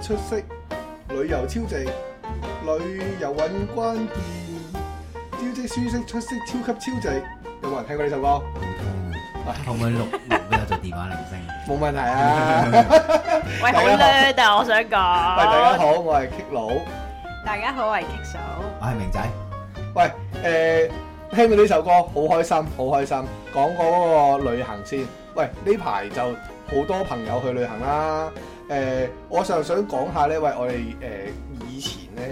出色旅遊超值，旅遊搵關鍵，超值舒適出色，超級超值。有冇人聽過呢首歌？好，可唔可以錄錄俾我做電話鈴聲？冇問題啊！好叻，但係我想講，大家好，我係 K 佬，大家好，我係 K 嫂，我係明仔。喂，誒，聽到呢首歌，好開心，好開心。講嗰個旅行先。喂，呢排就好多朋友去旅行啦。誒、呃，我就想講下呢位，我哋誒、呃、以前呢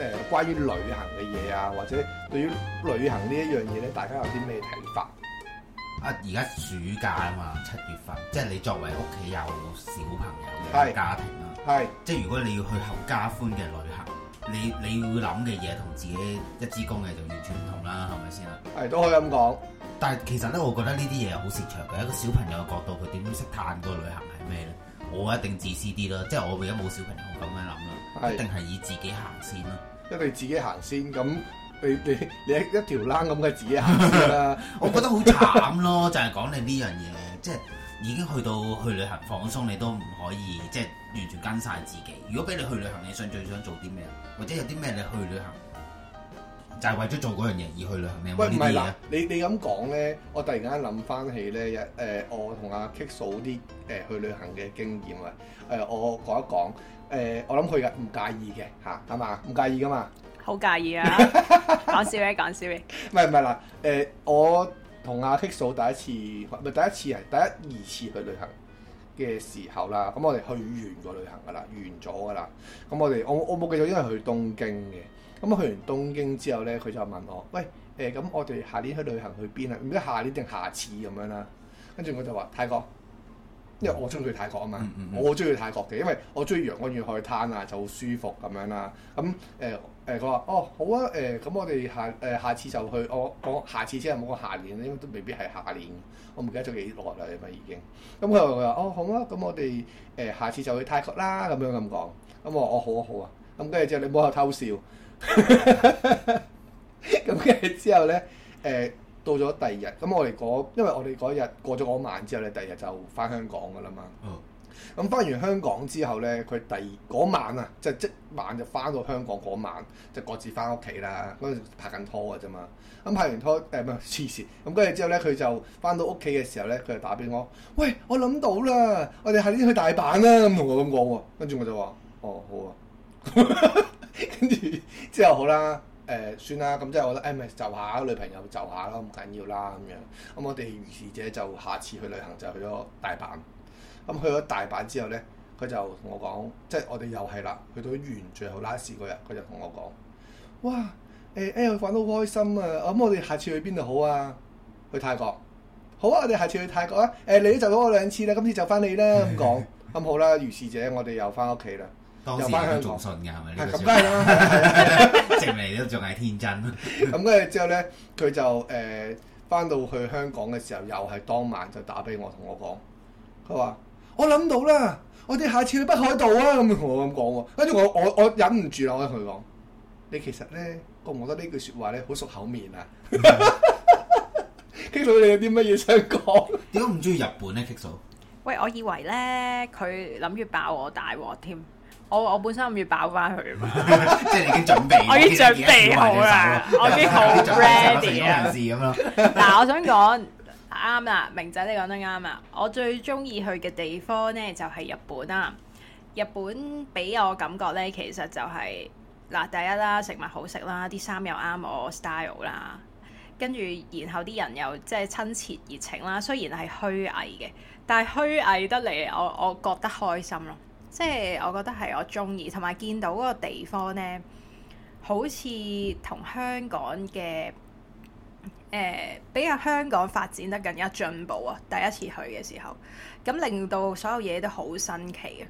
誒、呃、關於旅行嘅嘢啊，或者對於旅行呢一樣嘢呢，大家有啲咩睇法？啊，而家暑假啊嘛，七月份，即係你作為屋企有小朋友嘅家庭啊，係是，即係如果你要去合家歡嘅旅行，你你要諗嘅嘢同自己一支公嘅就完全唔同啦，係咪先啊？係吧都可以咁講，但係其實呢，我覺得呢啲嘢好時長嘅，一個小朋友嘅角度，佢點識嘆個旅行係咩呢？我一定自私啲咯，即係我而家冇小朋友，我咁樣諗啦，是一定係以自己行先咯。因為自己行先，咁你你你一一條躝咁嘅自己行啦！ 我覺得好慘咯， 就係講你呢樣嘢，即係已經去到去旅行放鬆，你都唔可以即係完全跟晒自己。如果俾你去旅行，你想最想做啲咩？或者有啲咩你去旅行？但係為咗做嗰樣嘢而去旅行，咩？喂，唔係嗱，你你咁講咧，我突然間諗翻起咧，呃、我一我同阿 Kik 數啲誒去旅行嘅經驗、呃說說呃、啊，誒，我講一講，誒，我諗佢嘅，唔介意嘅吓？係嘛，唔介意噶嘛，好介意啊！講笑咩？講笑咩？唔係唔係嗱，誒，我同阿 Kik 數第一次唔係第一次啊，第一二次，次去旅行嘅時候啦，咁我哋去完個旅行噶啦，完咗噶啦，咁我哋我我冇記錯，因為去東京嘅。咁去完東京之後咧，佢就問我：喂，誒、欸、咁我哋下年去旅行去邊啊？唔知下年定下次咁樣啦。跟住我就話泰國，因為我中意去泰國啊嘛，我中意去泰國嘅，因為我中意陽光與海灘啊，就好舒服咁樣啦。咁誒誒，佢、欸、話：哦好啊，誒、欸、咁我哋下誒、呃、下次就去我講下次先啫，冇講下年，因為都未必係下年。我唔記得咗幾耐啦，因為已經。咁佢又話：哦好啊，咁我哋誒、呃、下次就去泰國啦，咁樣咁講。咁、嗯、我話：哦好啊，好啊。咁跟住之後，你冇喺偷笑？咁跟住之後咧，誒、呃，到咗第二日，咁、嗯、我哋嗰，因為我哋嗰日過咗嗰晚之後咧，第二日就翻香港噶啦嘛。咁翻、哦嗯、完香港之後咧，佢第二嗰晚啊、就是，即係即晚就翻到香港嗰晚，就各自翻屋企啦。嗰陣拍緊拖噶啫嘛。咁、嗯、拍完拖，誒唔係黐線。咁跟住之後咧，佢就翻到屋企嘅時候咧，佢就打俾我。喂，我諗到啦，我哋下年去大阪啦，咁同我咁講喎。跟住我就話，哦，好啊。跟住 之後好啦，誒、呃、算啦，咁、嗯、即係我覺得 M 咪就下女朋友就下咯，唔緊要啦咁樣。咁、嗯、我哋如是者就下次去旅行就去咗大阪。咁、嗯、去咗大阪之後咧，佢就同我講，即係我哋又係啦，去到完最後 last 嗰日，佢就同我講，哇誒誒、欸欸欸、玩得好開心啊！咁我哋下次去邊度好啊？去泰國。好啊，我哋下次去泰國啊！誒、欸、你都就咗我兩次啦，今次就翻你啦咁講。咁、 嗯、好啦，如是者我哋又翻屋企啦。當時又翻香港，仲信嘅係咪？咁梗係啦，證明 都仲係天真。咁跟住之後咧，佢就誒翻、呃、到去香港嘅時候，又係當晚就打俾我，同我講，佢話：我諗到啦，我哋下次去北海道啊！咁同我咁講。跟住我我我忍唔住啦，我同佢講：你其實咧，我覺得句呢句説話咧，好熟口面啊 Kiko 你有啲乜嘢想講？點解唔中意日本咧 Kiko 喂，我以為咧，佢諗住爆我大鑊添。我我本身諗要包翻佢啊嘛， 即係已經準備，我已準備好啦，啊、我已經 ready 啊！嗱，我想講啱啦，明仔你講得啱啊！我最中意去嘅地方咧就係、是、日本啦、啊，日本俾我感覺咧其實就係、是、嗱，第一啦，食物好食啦，啲衫又啱我，我 style 啦，跟住然後啲人又即係親切熱情啦，雖然係虛偽嘅，但係虛偽得嚟，我我覺得開心咯。即係我覺得係我中意，同埋見到嗰個地方咧，好似同香港嘅誒、呃、比較香港發展得更加進步啊！第一次去嘅時候，咁令到所有嘢都好新奇啊！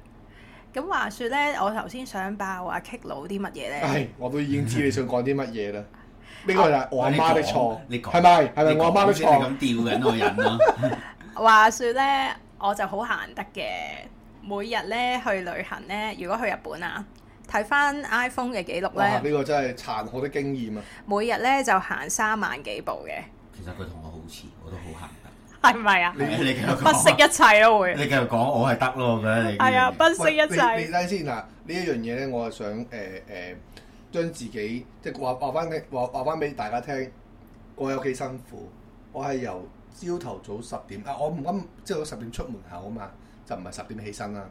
咁話說咧，我頭先想爆阿 Kick 佬啲乜嘢咧，我都已經知你想講啲乜嘢啦。呢個就係我阿媽的錯，你講係咪？係咪說我阿媽的錯？咁吊緊我人咯、啊。 話說咧，我就好行得嘅。每日咧去旅行咧，如果去日本啊，睇翻 iPhone 嘅記錄咧，呢個真係殘酷的經驗啊！每日咧就行三萬幾步嘅，其實佢同我好似，我都好行得，係唔係啊？你你繼續講，不惜一切咯、啊、會。你繼續講，我係得咯，咁樣你。係啊，不惜一切。你睇先嗱，呢一樣嘢咧，我係想誒誒，將自己即係話話翻，話話翻俾大家聽，我有幾辛苦。我係由朝頭早十點啊，我唔啱，朝頭早十點出門口啊嘛。就唔係十點起身啦，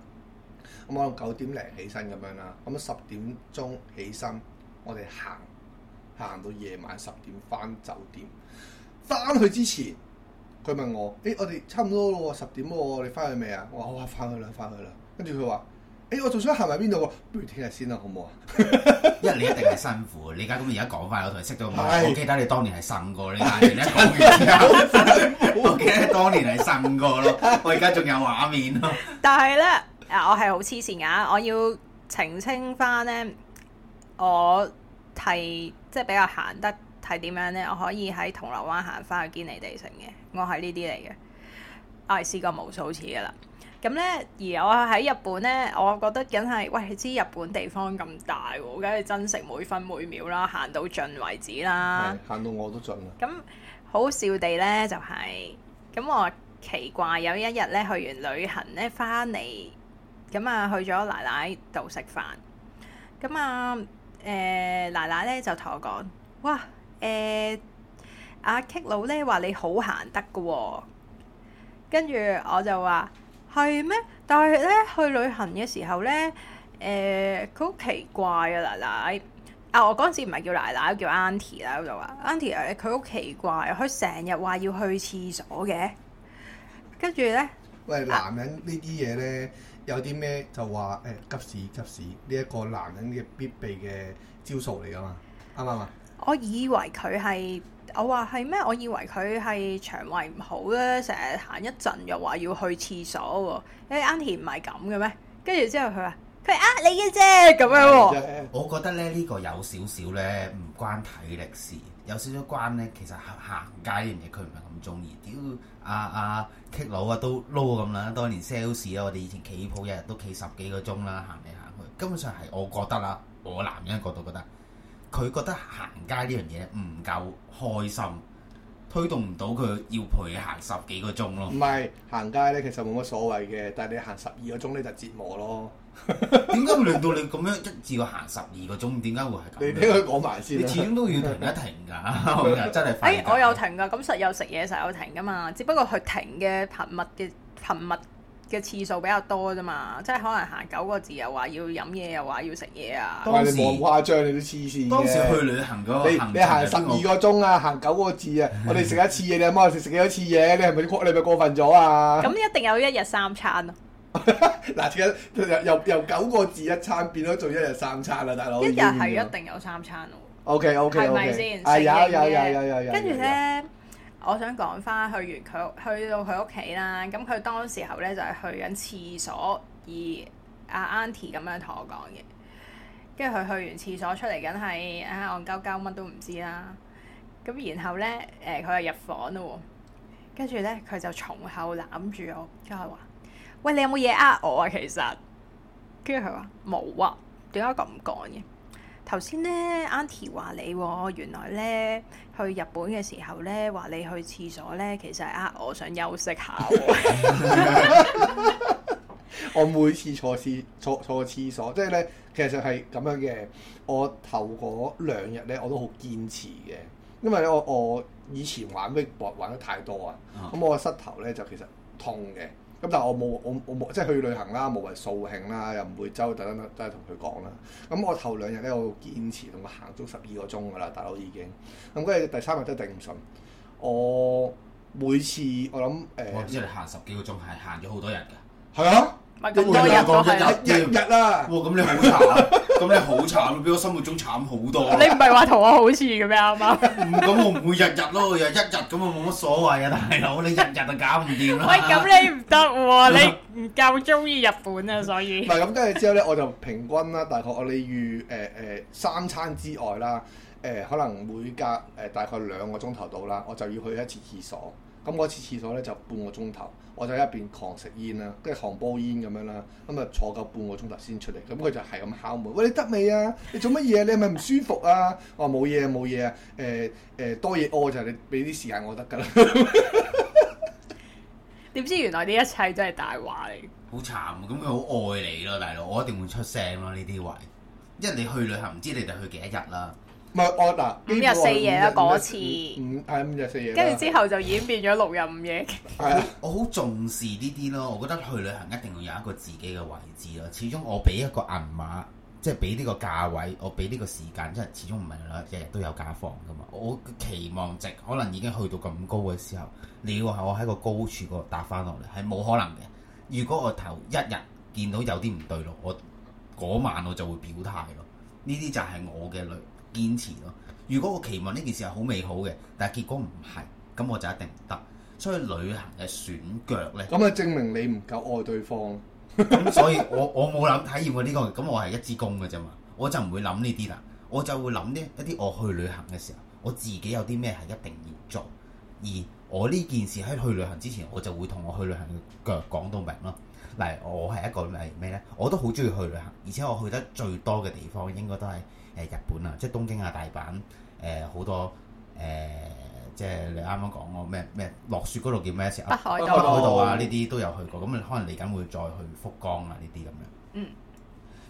咁我九點零起身咁樣啦，咁十點鐘起身，我哋行行到夜晚十點翻酒店，翻去之前佢問我，誒、欸、我哋差唔多咯喎，十點喎，你翻去未啊？我話好呀，翻去啦，翻去啦，跟住佢話。誒、欸，我仲想行埋邊度？不如聽日先啦，好唔好啊？因為 你一定係辛苦。你而家咁而家講翻，我同你識咗，是我記得你當年係瘦過，你 的 我記得當年係瘦過咯。 我而家仲有畫面咯。但係咧，啊，我係好黐線噶，我要澄清翻咧，我係即係比較行得，係點樣咧？我可以喺銅鑼灣行翻去堅尼地城嘅，我係呢啲嚟嘅，我係試過無數次噶啦。咁咧、嗯，而我喺日本咧，我覺得梗係喂。知日本地方咁大喎，梗係珍惜每分每秒啦，行到盡為止啦。係行到我都盡啦。咁、嗯、好笑地咧，就係、是、咁、嗯、我奇怪有一日咧，去完旅行咧翻嚟，咁啊、嗯、去咗奶奶度食飯。咁、嗯、啊誒奶奶咧就同我講，哇誒阿、呃啊、K 佬咧話你好行得嘅喎、哦，跟住我就話。係咩？但係咧去旅行嘅時候咧，誒佢好奇怪啊！奶奶啊，我嗰陣時唔係叫奶奶，叫 Auntie 啦，我就話 Auntie 誒，佢好奇怪，啊，佢成日話要去廁所嘅，跟住咧，喂男人呢啲嘢咧，有啲咩就話誒、欸、急屎急屎，呢、呢、一個男人嘅必備嘅招數嚟噶嘛，啱唔啱啊？我以為佢係。我話係咩？我以為佢係腸胃唔好咧，成日行一陣又話要去廁所喎。aunty 唔係咁嘅咩？跟住之後佢話：佢呃、啊、你嘅啫咁樣。我覺得咧呢、呢個有少少咧唔關體力事，有少少關咧，其實行行街呢樣嘢佢唔係咁中意。屌阿阿棘佬啊，啊，啊都撈咁啦，當年 sales 啊，我哋以前企鋪日日都企十幾個鐘啦，行嚟行去，根本上係我覺得啦，我男人角度覺得。佢覺得行街呢樣嘢唔夠開心，推動唔到佢要陪你行十幾個鐘咯。唔係行街咧，其實冇乜所謂嘅，但係你行十二個鐘咧就折磨咯。點解會令到你咁樣一致 要行十二個鐘？點解會係咁？你聽佢講埋先，你始終都要停一停㗎，佢又 真係。哎，我有停㗎，咁實有食嘢，實有停㗎嘛。只不過佢停嘅頻密嘅頻密嘅次數比較多啫嘛，即係可能行九個字又話要飲嘢又話要食嘢啊。你冇咁誇張，你都黐線嘅。當時去旅行嗰，你你行十二個鐘啊，行九個字啊，我哋食一次嘢，你阿媽食食幾多次嘢？你係咪過你咪過分咗啊？咁一定有一日三餐咯。嗱，而家由由九個字一餐變咗做一日三餐啦，大佬。一日係一定有三餐咯。O K O K，係咪先？食啲咩嘢？跟住咧。我想講翻去完佢去到佢屋企啦，咁佢當時候咧就係去緊廁所，而阿 aunty 咁樣同我講嘅，跟住佢去完廁所出嚟，緊係啊戇鳩鳩乜都唔知啦，咁然後咧誒佢又入房啦喎，跟住咧佢就從後攬住我，跟住話：喂，你有冇嘢呃我啊其實？跟住佢話冇啊，點解咁講嘅？頭先咧 Auntie 話你、喔，原來咧去日本嘅時候咧，話你去廁所咧，其實係呃我想休息下。我每次坐廁坐坐廁所，即係咧，其實係咁樣嘅。我頭嗰兩日咧，我都好堅持嘅，因為咧我我以前玩微博玩得太多啊，咁、uh huh. 我個膝頭咧就其實痛嘅。咁但係我冇，我我冇，即係去旅行啦，無謂掃興啦，又唔會周等等都係同佢講啦。咁我頭兩日咧，我堅持同佢行足十二個鐘噶啦，大佬已經。咁跟住第三日都頂唔順。我每次我諗誒，即係行十幾個鐘係行咗好多日㗎，係啊。一、啊、日，日日日日啦！哇，咁你好慘，咁 你好慘，比我心目中慘好多。你唔係話同我好似嘅咩啱唔啱？咁， 我唔會日日咯，日一日咁啊，冇乜所謂啊，大佬。你日日都搞唔掂啦。喂，咁你唔得喎，你唔夠中意日本啊，所以。係咁，跟住之後咧，我就平均啦，大概我哋預誒誒三餐之外啦，誒、呃、可能每隔誒、呃、大概兩個鐘頭到啦，我就要去一次廁所。咁嗰次廁所咧就半個鐘頭。我就喺一邊狂食煙啦，跟住狂煲煙咁樣啦，咁、嗯、啊坐夠半個鐘頭先出嚟，咁、嗯、佢就係咁敲門，喂，你得未啊？你做乜嘢？你係咪唔舒服啊？我話冇嘢冇嘢啊，誒誒、呃呃、多嘢，屙，就係你俾啲時間我得噶啦。點 知原來呢一切真係大話嚟。好慘！咁佢好愛你咯，大佬，我一定會出聲咯。呢啲位，因為你去旅行唔知你哋去幾多日啦。Not 本五日四夜啊！嗰次，五五日四夜。跟住之後就演變咗六日五夜。我好重視呢啲咯。我覺得去旅行一定要有一個自己嘅位置咯。始終我俾一個銀碼，即係俾呢個價位，我俾呢個時間，即係始終唔係話日日都有假放噶嘛。我期望值可能已經去到咁高嘅時候，你要係我喺個高處嗰度搭翻落嚟，係冇可能嘅。如果我頭一日見到有啲唔對路，我嗰晚我就會表態咯。呢啲就係我嘅旅行。堅持咯，如果我期望呢件事係好美好嘅，但係結果唔係，咁我就一定唔得。所以旅行嘅選腳呢，咁啊證明你唔夠愛對方。 嗯，所以我我冇諗體驗過呢個，咁我係一支公嘅啫嘛，我就唔會諗呢啲啦，我就會諗呢一啲我去旅行嘅時候，我自己有啲咩係一定要做，而我呢件事喺去旅行之前，我就會同我去旅行嘅腳講到明咯。嗱，我係一個係咩呢？我都好中意去旅行，而且我去得最多嘅地方應該都係。誒日本啊，即係東京啊、大阪誒好、呃、多誒、呃，即係你啱啱講個咩咩落雪嗰度叫咩？北海，北海道啊，呢啲都有去過。咁可能嚟緊會再去福岡啊，呢啲咁樣。嗯。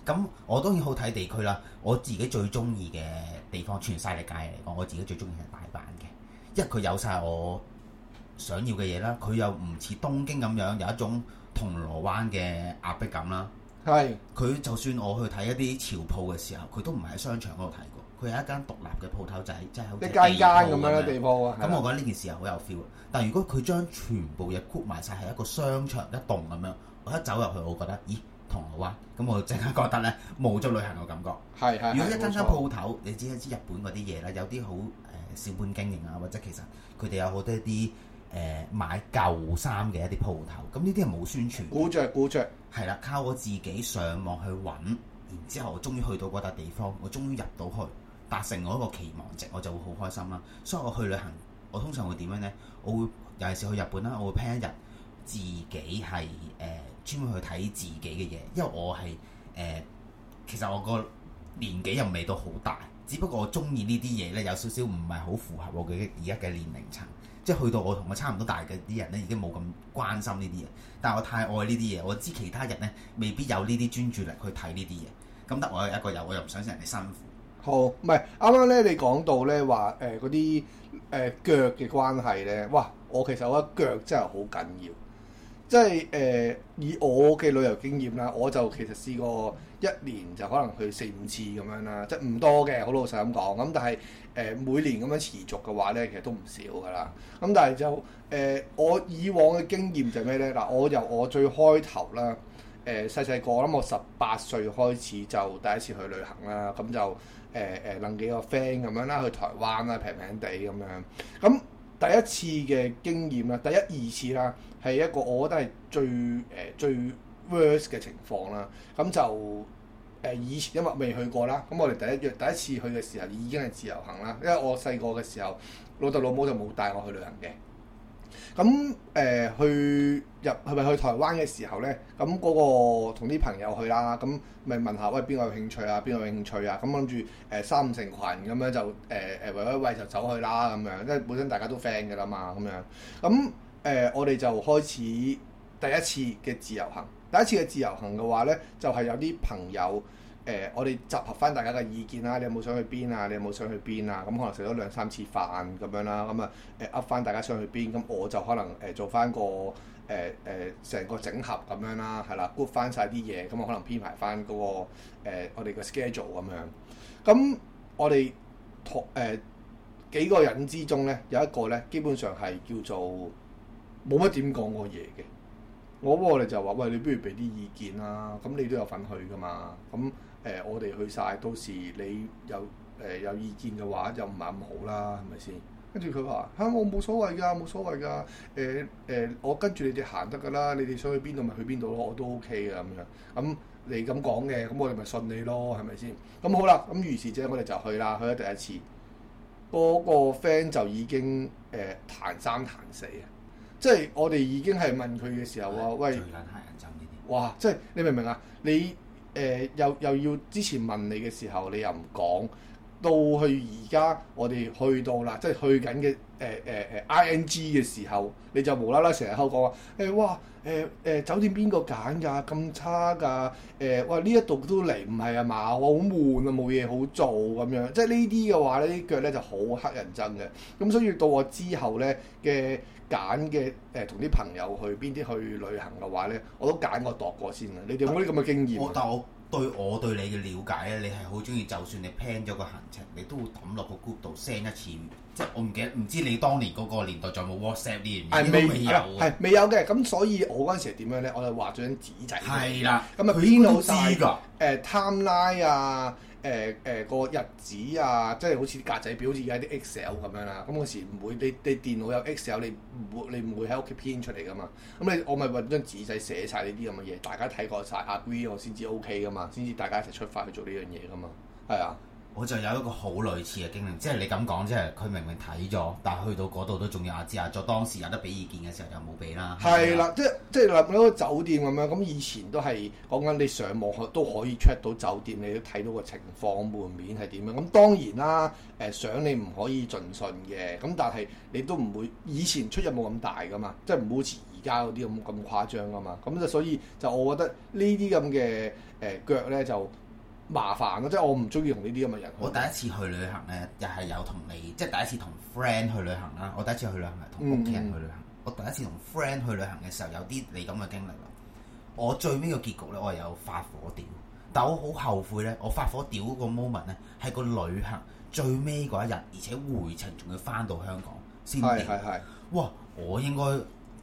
咁我當然好睇地區啦。我自己最中意嘅地方，全世界嚟講，我自己最中意係大阪嘅。因為佢有晒我想要嘅嘢啦，佢又唔似東京咁樣有一種銅鑼灣嘅壓迫感啦。係，佢是就算我去睇一啲潮鋪嘅時候，佢都唔係喺商場嗰度睇過，佢係一間獨立嘅鋪頭仔，即係好似地鋪咁樣嘅地方。啊。咁我覺得呢件事係好有 feel。但係如果佢將全部嘢 group 埋晒係一個商場一棟咁樣，我一走入去，我覺得，咦，銅鑼灣，咁我就即刻覺得呢，冇咗旅行嘅感覺。係如果一間間鋪頭錯你，你知一知日本嗰啲嘢咧？有啲好誒小本經營啊，或者其實佢哋有好多一啲。誒買舊衫嘅一啲鋪頭，咁呢啲係冇宣傳估，估着估着，係啦，靠我自己上網去揾，然之後我終於去到嗰笪地方，我終於入到去，達成我一個期望值，我就會好開心啦、啊。所以我去旅行，我通常會點樣呢？我會尤其是去日本啦、啊，我會 plan 一日自己係誒專門去睇自己嘅嘢，因為我係誒、呃、其實我個年紀又未到好大。只不過我中意呢啲嘢呢，有少少唔係好符合我嘅而家嘅年齡層，即係去到我同我差唔多大嘅啲人呢，已經冇咁關心呢啲嘢。但係我太愛呢啲嘢，我知其他人呢未必有呢啲專注力去睇呢啲嘢。咁得我有一個人，我又唔想人哋辛苦。好，唔係啱啱呢你講到呢話誒嗰啲誒腳嘅關係呢。哇！我其實我覺得腳真係好緊要。即係誒、呃，以我嘅旅遊經驗啦，我就其實試過一年就可能去四五次咁樣啦，即係唔多嘅，好老實咁講。咁但係誒、呃、每年咁樣持續嘅話咧，其實都唔少噶啦。咁但係就誒、呃、我以往嘅經驗就係咩咧？嗱、呃，我由我最開頭啦，誒細細個，諗我十八歲開始就第一次去旅行啦，咁就誒誒撚幾個 friend 咁樣啦，去台灣啦，平平地咁樣。嗯第一次嘅經驗啦，第一二次啦，係一個我覺得係最誒、呃、最 worst 嘅情況啦。咁就誒、呃、以前因為未去過啦，咁我哋第一約第一次去嘅時候已經係自由行啦，因為我細個嘅時候老豆老母就冇帶我去旅行嘅。咁誒、呃、去入係咪去台灣嘅時候咧？咁嗰、那個同啲朋友去啦，咁咪問下喂邊個有興趣啊，邊個有興趣啊？咁諗住誒三五成群咁樣就誒誒、呃、喂、喂喂就走去啦咁樣，因為本身大家都 friend 㗎啦嘛，咁樣。咁誒、呃、我哋就開始第一次嘅自由行，第一次嘅自由行嘅話咧，就係、是、有啲朋友。誒、呃，我哋集合翻大家嘅意見啦，你有冇想去邊啊？你有冇想去邊啊？咁可能食咗兩三次飯咁樣啦，咁啊誒，噏、呃、翻大家想去邊，咁我就可能誒、呃、做翻個誒誒成個整合咁樣啦，係啦，good 翻晒啲嘢，咁我可能編排翻、那、嗰個、呃、我哋嘅 schedule 咁樣。咁我哋同誒、呃、幾個人之中咧，有一個咧，基本上係叫做冇乜點講過嘢嘅。我我哋就話喂，你不如俾啲意見啦，咁你都有份去㗎嘛，咁。誒、呃，我哋去晒，到時你有誒、呃、有意見嘅話就，就唔係咁好啦，係咪先？跟住佢話嚇，我冇所謂㗎，冇所謂㗎。誒、呃、誒、呃，我跟住你哋行得㗎啦，你哋想去邊度咪去邊度咯，我都 OK 嘅咁樣。咁、嗯、你咁講嘅，咁、嗯、我哋咪信你咯，係咪先？咁、嗯、好啦，咁、嗯、於是者我哋就去啦，去咗第一次。嗰、那個 friend 就已經誒彈三彈四啊，即係我哋已經係問佢嘅時候啊，喂，哇！即係你明唔明啊？你誒、呃、又又要之前問你嘅時候，你又唔講，到去而家我哋去到啦，即係去緊嘅誒誒誒 I N G 嘅時候，你就無啦啦成日口講話誒哇誒誒、呃、酒店邊個揀㗎咁差㗎？誒、呃、哇呢一度都嚟唔係啊嘛，我好悶啊，冇嘢好做咁樣，即係呢啲嘅話咧，啲腳咧就好乞人憎嘅，咁所以到我之後咧嘅。揀嘅誒，同啲、呃、朋友去邊啲去旅行嘅話咧，我都揀過、度過先啊！你哋有冇啲咁嘅經驗？但我，但我對我對你嘅了解咧，你係好中意，就算你 plan 咗個行程，你都會抌落個 group 度 send 一次。即係我唔記得，唔知你當年嗰個年代仲有冇 WhatsApp 呢樣嘢？係未有，係未有嘅。咁所以我嗰陣時係點樣咧？我係畫咗張紙仔。係啦了，咁、呃、啊，佢攤到曬誒 time line 啊。誒誒、呃呃、個日子啊，即係好似格仔表，好似而家啲 Excel 咁樣啦、啊。咁、嗯、嗰時唔會，你你電腦有 Excel，你唔會你唔會喺屋企編出嚟㗎嘛？咁、嗯、你我咪搵張紙仔寫晒呢啲咁嘅嘢，大家睇過晒 agree，我先至 OK 㗎嘛，先至大家一齊出發去做呢樣嘢㗎嘛，係啊。我就有一個好類似嘅經歷，即係你咁講，即係佢明明睇咗，但係去到嗰度都仲有阿姐啊，在當時有得俾意見嘅時候就冇俾啦。係啦，即係即係例如嗰個酒店咁樣，咁以前都係講緊你上網都可以 check 到酒店，你都睇到個情況門面係點樣。咁當然啦，誒、呃、想你唔可以盡信嘅，咁但係你都唔會以前出入冇咁大噶嘛，即係唔會好似而家嗰啲咁咁誇張噶嘛。咁就所以就我覺得呢啲、呃、呢啲咁嘅誒腳咧就。麻煩嘅，即係我唔中意同呢啲咁嘅人。我第一次去旅行呢，又係有同你，即係第一次同 friend 去旅行啦。我第一次去旅行同屋企人去旅行。嗯、我第一次同 friend 去旅行嘅時候，有啲你咁嘅經歷。我最尾嘅結局呢，我係有發火屌，但我好後悔呢，我發火屌個 moment 呢，係個旅行最尾嗰一日，而且回程仲要翻到香港先。係係哇！我應該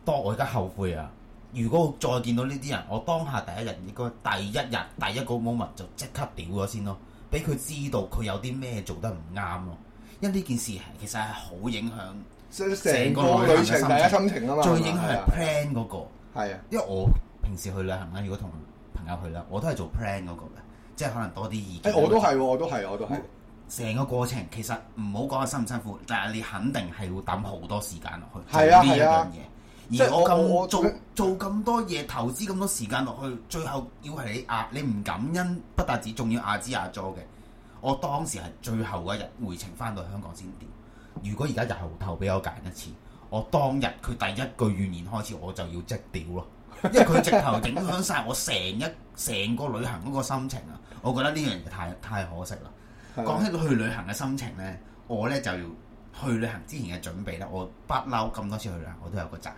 多我而家後悔啊！如果再見到呢啲人，我當下第一日應該第一日第一個 moment 就即刻屌咗先咯，俾佢知道佢有啲咩做得唔啱咯。因為呢件事其實係好影響成個，個旅程心情啊嘛，最影響係 plan 嗰個係啊。因為我平時去旅行咧，如果同朋友去咧，我都係做 plan 嗰個嘅，即係可能多啲意見。誒、欸，我都係、啊，我都係、啊，我都係、啊。成個過程其實唔好講辛唔辛苦，但係你肯定係要抌好多時間落去。係啊，呢樣嘢、啊。而我咁做我做咁多嘢，投資咁多時間落去，最後要係你壓，你唔感恩不單止，仲要阿支阿佐嘅。我當時係最後嗰一日回程返到香港先屌。如果而家由頭俾我揀一次，我當日佢第一句預言開始我就要即屌咯，因為佢直頭影響晒我成一成個旅行嗰個心情啊！我覺得呢樣嘢太太可惜啦。講起的去旅行嘅心情呢，我呢就要去旅行之前嘅準備呢。我不嬲咁多次去旅行，我都有個習。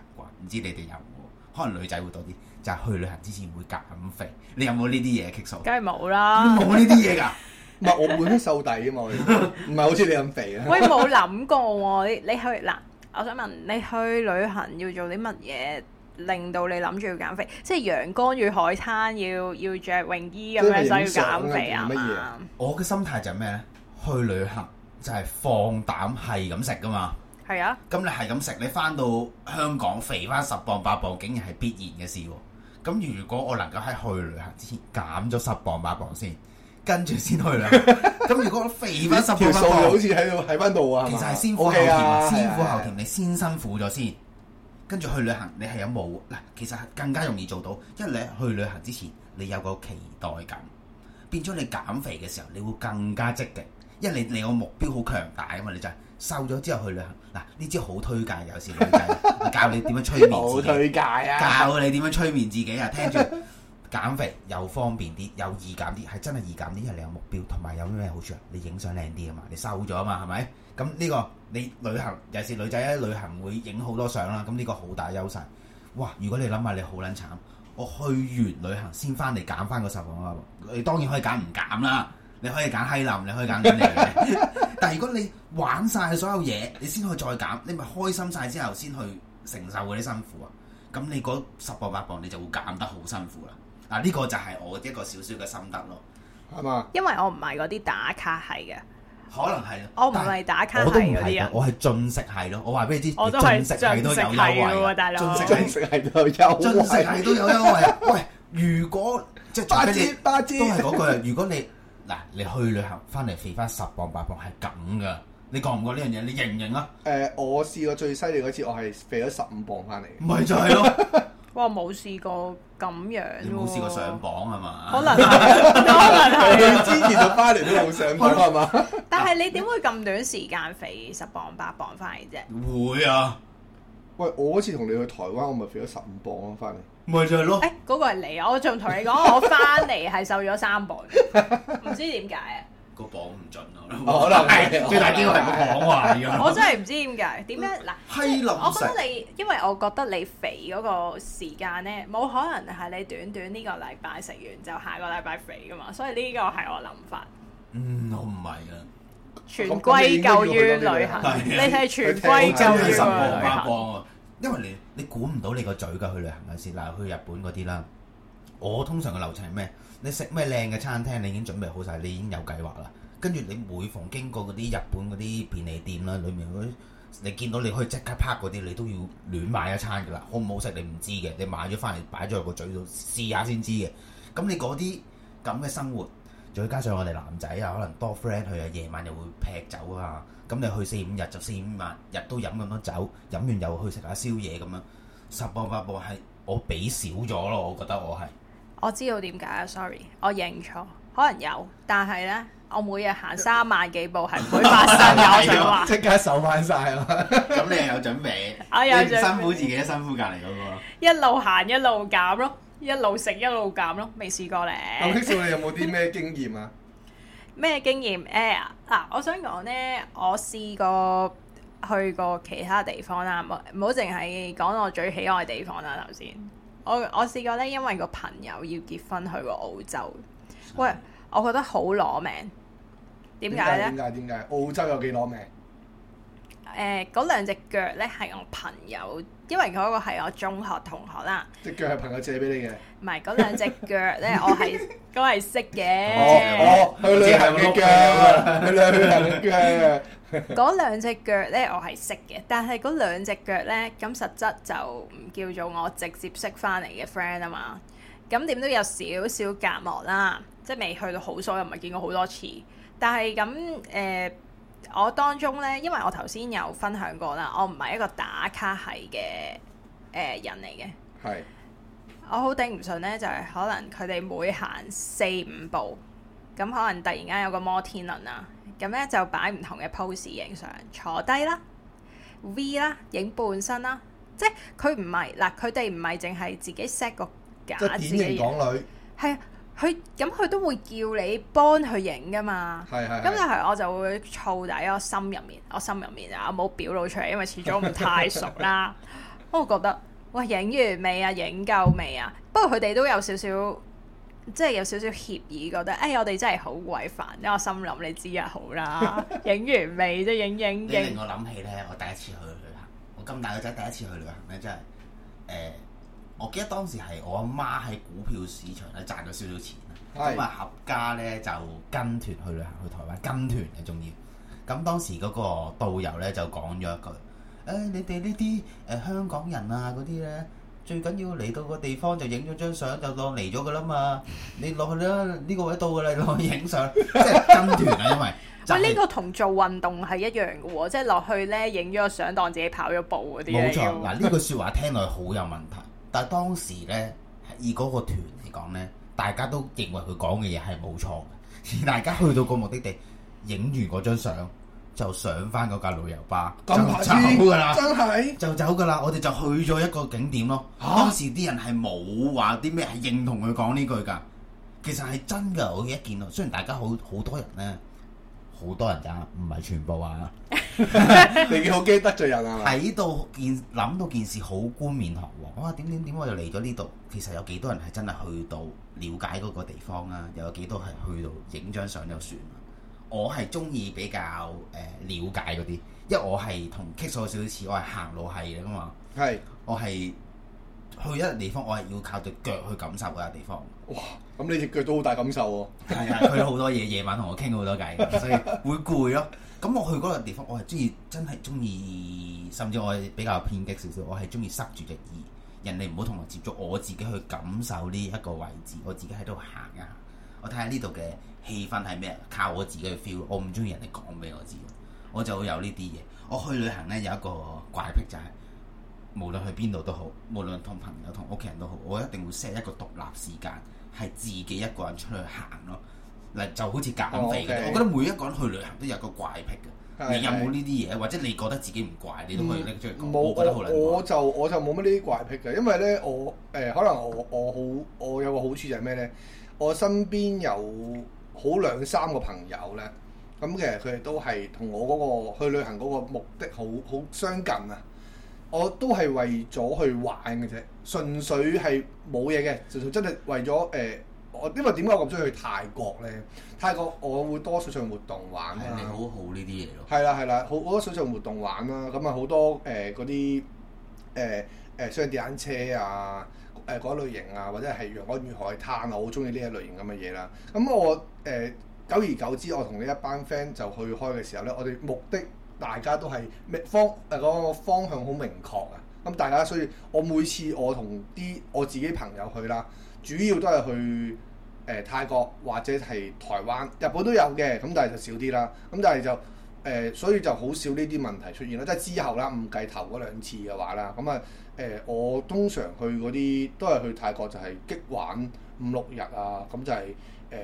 唔知你哋有冇，可能女仔會多啲，就係去旅行之前會減肥。你有冇呢啲嘢吸收？梗係冇啦，冇呢啲嘢噶，唔係我會啲瘦底啊嘛，唔係好似你咁肥啊？我，冇諗過喎，你你去嗱，我想問你去旅行要做啲乜嘢，令到你諗住要減肥？即係陽光與海灘，要要着泳衣咁樣，所以要減肥啊？乜嘢啊？我嘅心態就係咩咧？去旅行就係放膽係咁食噶嘛。係啊！咁你係咁食，你翻到香港肥翻十磅八磅，竟然係必然嘅事。咁如果我能夠喺去旅行之前減咗十磅八磅先，跟住先去旅行，咁如果肥翻十磅八磅，好似喺度喺翻度啊！其實係先苦後甜，先苦後甜，你先辛苦咗先，跟住去旅行，你係有冇嗱？其實更加容易做到，因為你去旅行之前，你有個期待感，變咗你減肥嘅時候，你會更加積極，因為你你個目標好強大啊嘛，你就係。瘦咗之後去旅行，嗱呢招好推介，尤其是女仔， 教你點樣催眠好推介啊！教你點樣催眠自己啊！ 聽住 減肥又方便啲，又易減啲，係真係易減啲，因為你有目標同埋有咩好處啊？你影相靚啲啊嘛，你瘦咗啊嘛，係咪？咁呢個你旅行尤其是女仔咧，旅行會影好多相啦。咁呢個好大優勢。哇！如果你諗下，你好撚慘，我去完旅行先翻嚟減翻個十公斤，你當然可以減唔減啦。你可以揀閪林，你可以揀咁嘅？ 但係如果你玩晒所有嘢，你先可以再減，你咪開心晒之後先去承受嗰啲辛苦啊！咁你嗰十磅八磅，你就會減得好辛苦啦。嗱、啊，呢、這個就係我一個少少嘅心得咯，係嘛吧？因為我唔係嗰啲打卡係嘅，可能係咯。我唔係打卡，我都唔係。我係進食係咯。我話畀你知，我都係進食係都有優惠、啊啊。大佬，進食係都有，進食係都有優惠、啊。 喂，如果 即係八折，八折 都係句如果你嗱，你去旅行翻嚟肥翻十磅八磅係咁噶，你覺唔覺呢樣嘢？你認唔認啊？誒、呃，我試過最犀利嗰次，我係肥咗十五磅翻嚟。唔係就係、是、咯。 哇，冇試過咁樣、啊。你冇試過上磅係嘛？可能可能係。之前就翻嚟都冇上磅係嘛？ 吧但係你點會咁短時間肥十磅八磅翻嚟啫？會啊！喂，我嗰次同你去台灣，我咪肥咗十五磅咯，翻嚟。咪就係咯！誒，嗰個係你，我仲同你講，我翻嚟係瘦咗三磅，唔知點解啊？個磅唔準咯，可能係最大機會係個磅壞咗。我真係唔知點解，點樣嗱？我覺得你，因為我覺得你肥嗰個時間咧，冇可能係你短短呢個禮拜食完就下個禮拜肥噶嘛，所以呢個係我諗法。嗯，我唔係啊，全歸咎於旅行。你係全歸咎於旅行。因為你你管唔到你個嘴噶，去旅行咪先嗱，去日本嗰啲啦，我通常嘅流程係咩？你食咩靚嘅餐廳，你已經準備好晒，你已經有計劃啦。跟住你每逢經過嗰啲日本嗰啲便利店啦，裡面嗰啲你見到你可以即刻拍嗰啲，你都要亂買一餐噶啦。好唔好食你唔知嘅，你買咗翻嚟擺咗喺個嘴度試下先知嘅。咁你嗰啲咁嘅生活。再加上我哋男仔啊，可能多 friend 去啊，夜晚又會劈酒啊。咁你去四五日就四五晚，日都飲咁多酒，飲完又去食下宵夜咁樣，十步八步係我俾少咗咯。我覺得我係我知道點解啊，sorry，我認錯，可能有，但係呢，我每日行三萬幾步係，即 刻收翻晒啊！咁 你又有準備？準備你辛苦自己，辛苦隔離嗰個！ 一路行一路減咯。一路食一路減咯，未試過呢？咁呢度你有冇啲咩經驗啊？咩 經驗？誒、欸、啊！嗱，我想講呢，我試過去過其他地方啦，唔好淨係講我最喜愛地方啦頭先。我我試過呢，因為個朋友要結婚去過澳洲。的喂，我覺得好攞命。點解咧？點解？點解？澳洲有幾攞命？誒，嗰兩隻腳咧係我朋友，因為嗰個係我中學同學啦。隻腳係朋友借俾你嘅。唔係，嗰兩隻腳咧，我係都係識嘅、 哦。哦，去旅行嘅腳、啊， 去旅行嘅腳、啊。嗰兩隻腳咧，我係識嘅，但係嗰兩隻腳咧，咁實質就唔叫做我直接識翻嚟嘅 friend 啊嘛。咁點都有少少隔膜啦，即係未去到好熟，又唔係見過好多次。但係咁誒。呃呃我當中咧，因為我頭先有分享過啦，我唔係一個打卡系嘅誒、呃、人嚟嘅。係是，我好頂唔順咧，就係、是、可能佢哋每行四五步，咁可能突然間有個摩天輪啦、啊，咁咧就擺唔同嘅 pose 影相，坐低啦、V 啦、影半身啦，即係佢唔係嗱，佢哋唔係淨係自己 set 個假姿。即係典型港女。係。佢咁佢都會叫你幫佢影㗎嘛，咁是但係我就會燥底我心入面，我心入面啊，我冇表露出嚟，因為始終唔太熟啦。 我覺得，喂，影完未啊？影夠未啊？不過佢哋都有少少，即係有少少歉意，覺得誒、哎，我哋真係好鬼煩。因為我心諗，你知啊，好啦， 影完未即影影影。你令我諗起咧，我第一次去旅行，我咁大個仔、就是、第一次去旅行咧，真係誒。呃我記得當時係我阿媽喺股票市場咧賺咗少少錢，咁啊是合家咧就跟團去旅行去台灣，跟團嘅仲要。咁當時嗰個導遊咧就講咗一句：誒、哎，你哋呢啲誒香港人啊嗰啲咧，最緊要嚟到個地方就影咗張相，就當嚟咗噶啦嘛。你落去啦，呢、這個位到噶啦，落去影相， 即係跟團啊。因為喂、就是，呢 個同做運動係一樣嘅喎、哦，即係落去咧影咗個相當自己跑咗步嗰啲。冇錯，嗱，呢句説話聽落去好有問題。 但當時呢，以嗰個團嚟講呢，大家都認為佢講嘅嘢係冇錯嘅。而大家去到個目的地，影完嗰張相就上翻嗰架旅遊巴，就走㗎啦，真係的就走㗎啦。我哋就去咗一個景點咯。啊、當時啲人係冇話啲咩，係認同佢講呢句㗎。其實係真㗎，我一見到，雖然大家好好多人呢。好多人咋，唔係全部啊！你好驚得罪人啊！喺度件諗到件事好冠冕堂皇，我話點點點，我就嚟咗呢度。其實有幾多人係真係去到了解嗰個地方啊？又有幾多係去到影張相就算。我係鍾意比較誒、呃、了解嗰啲，因為我係同 Kick 少少似，我係行路係嘅嘛，係是 我係。去一個地方，我係要靠對腳去感受嗰個地方。哇！咁你隻腳都好大感受喎。係啊，去咗好多嘢，夜晚同我傾好多偈，所以會攰咯。咁我去嗰個地方，我係中意，真係中意，甚至我係比較偏激少少，我係中意塞住隻耳，人哋唔好同我接觸，我自己去感受呢一個位置，我自己喺度行啊。我睇下呢度嘅氣氛係咩，靠我自己去 feel，我唔中意人哋講俾我知，我就會有呢啲嘢。我去旅行呢，有一個怪癖就係。無論去邊度都好，無論同朋友、同屋企人都好，我一定會 set 一個獨立時間，係自己一個人出去行咯。嗱，就好似減肥嗰啲 Okay. 我覺得每一個人去旅行都有個怪癖嘅。Okay. 你有冇呢啲嘢？或者你覺得自己唔怪，你都可以拎出嚟講。嗯、我覺得我我我、欸、可能我就我就冇乜呢啲怪癖嘅，因為咧，我誒可能我我好我有個好處就係咩咧？我身邊有好兩三個朋友咧，咁其實佢哋都係同我嗰、嗰個去旅行嗰個目的好好相近啊。我都係為咗去玩嘅啫，純粹係冇嘢嘅，就真係為咗誒、呃，我因為點解我咁中意去泰國咧？泰國我會多水上活動玩啊，好好呢啲嘢咯。係啦係啦，好好多水上活動玩啦，咁啊好多誒嗰啲誒誒水上電單車啊，誒、呃、嗰類型啊，或者係陽光與海灘啊，我好中意呢一類型咁嘅嘢啦。咁、嗯、我誒、呃、久而久之，我同呢一班 friend 就去開嘅時候咧，我哋目的。大家都係咩方嗰個方向好明確啊！咁大家所以，我每次我同啲我自己朋友去啦，主要都係去誒泰國或者係台灣、日本都有嘅，咁但係就少啲啦。咁但係就誒，所以就好少呢啲問題出現啦。即係之後啦，唔計頭嗰兩次嘅話啦，咁啊誒，我通常去嗰啲都係去泰國，就係激玩五六日啊，咁就係誒。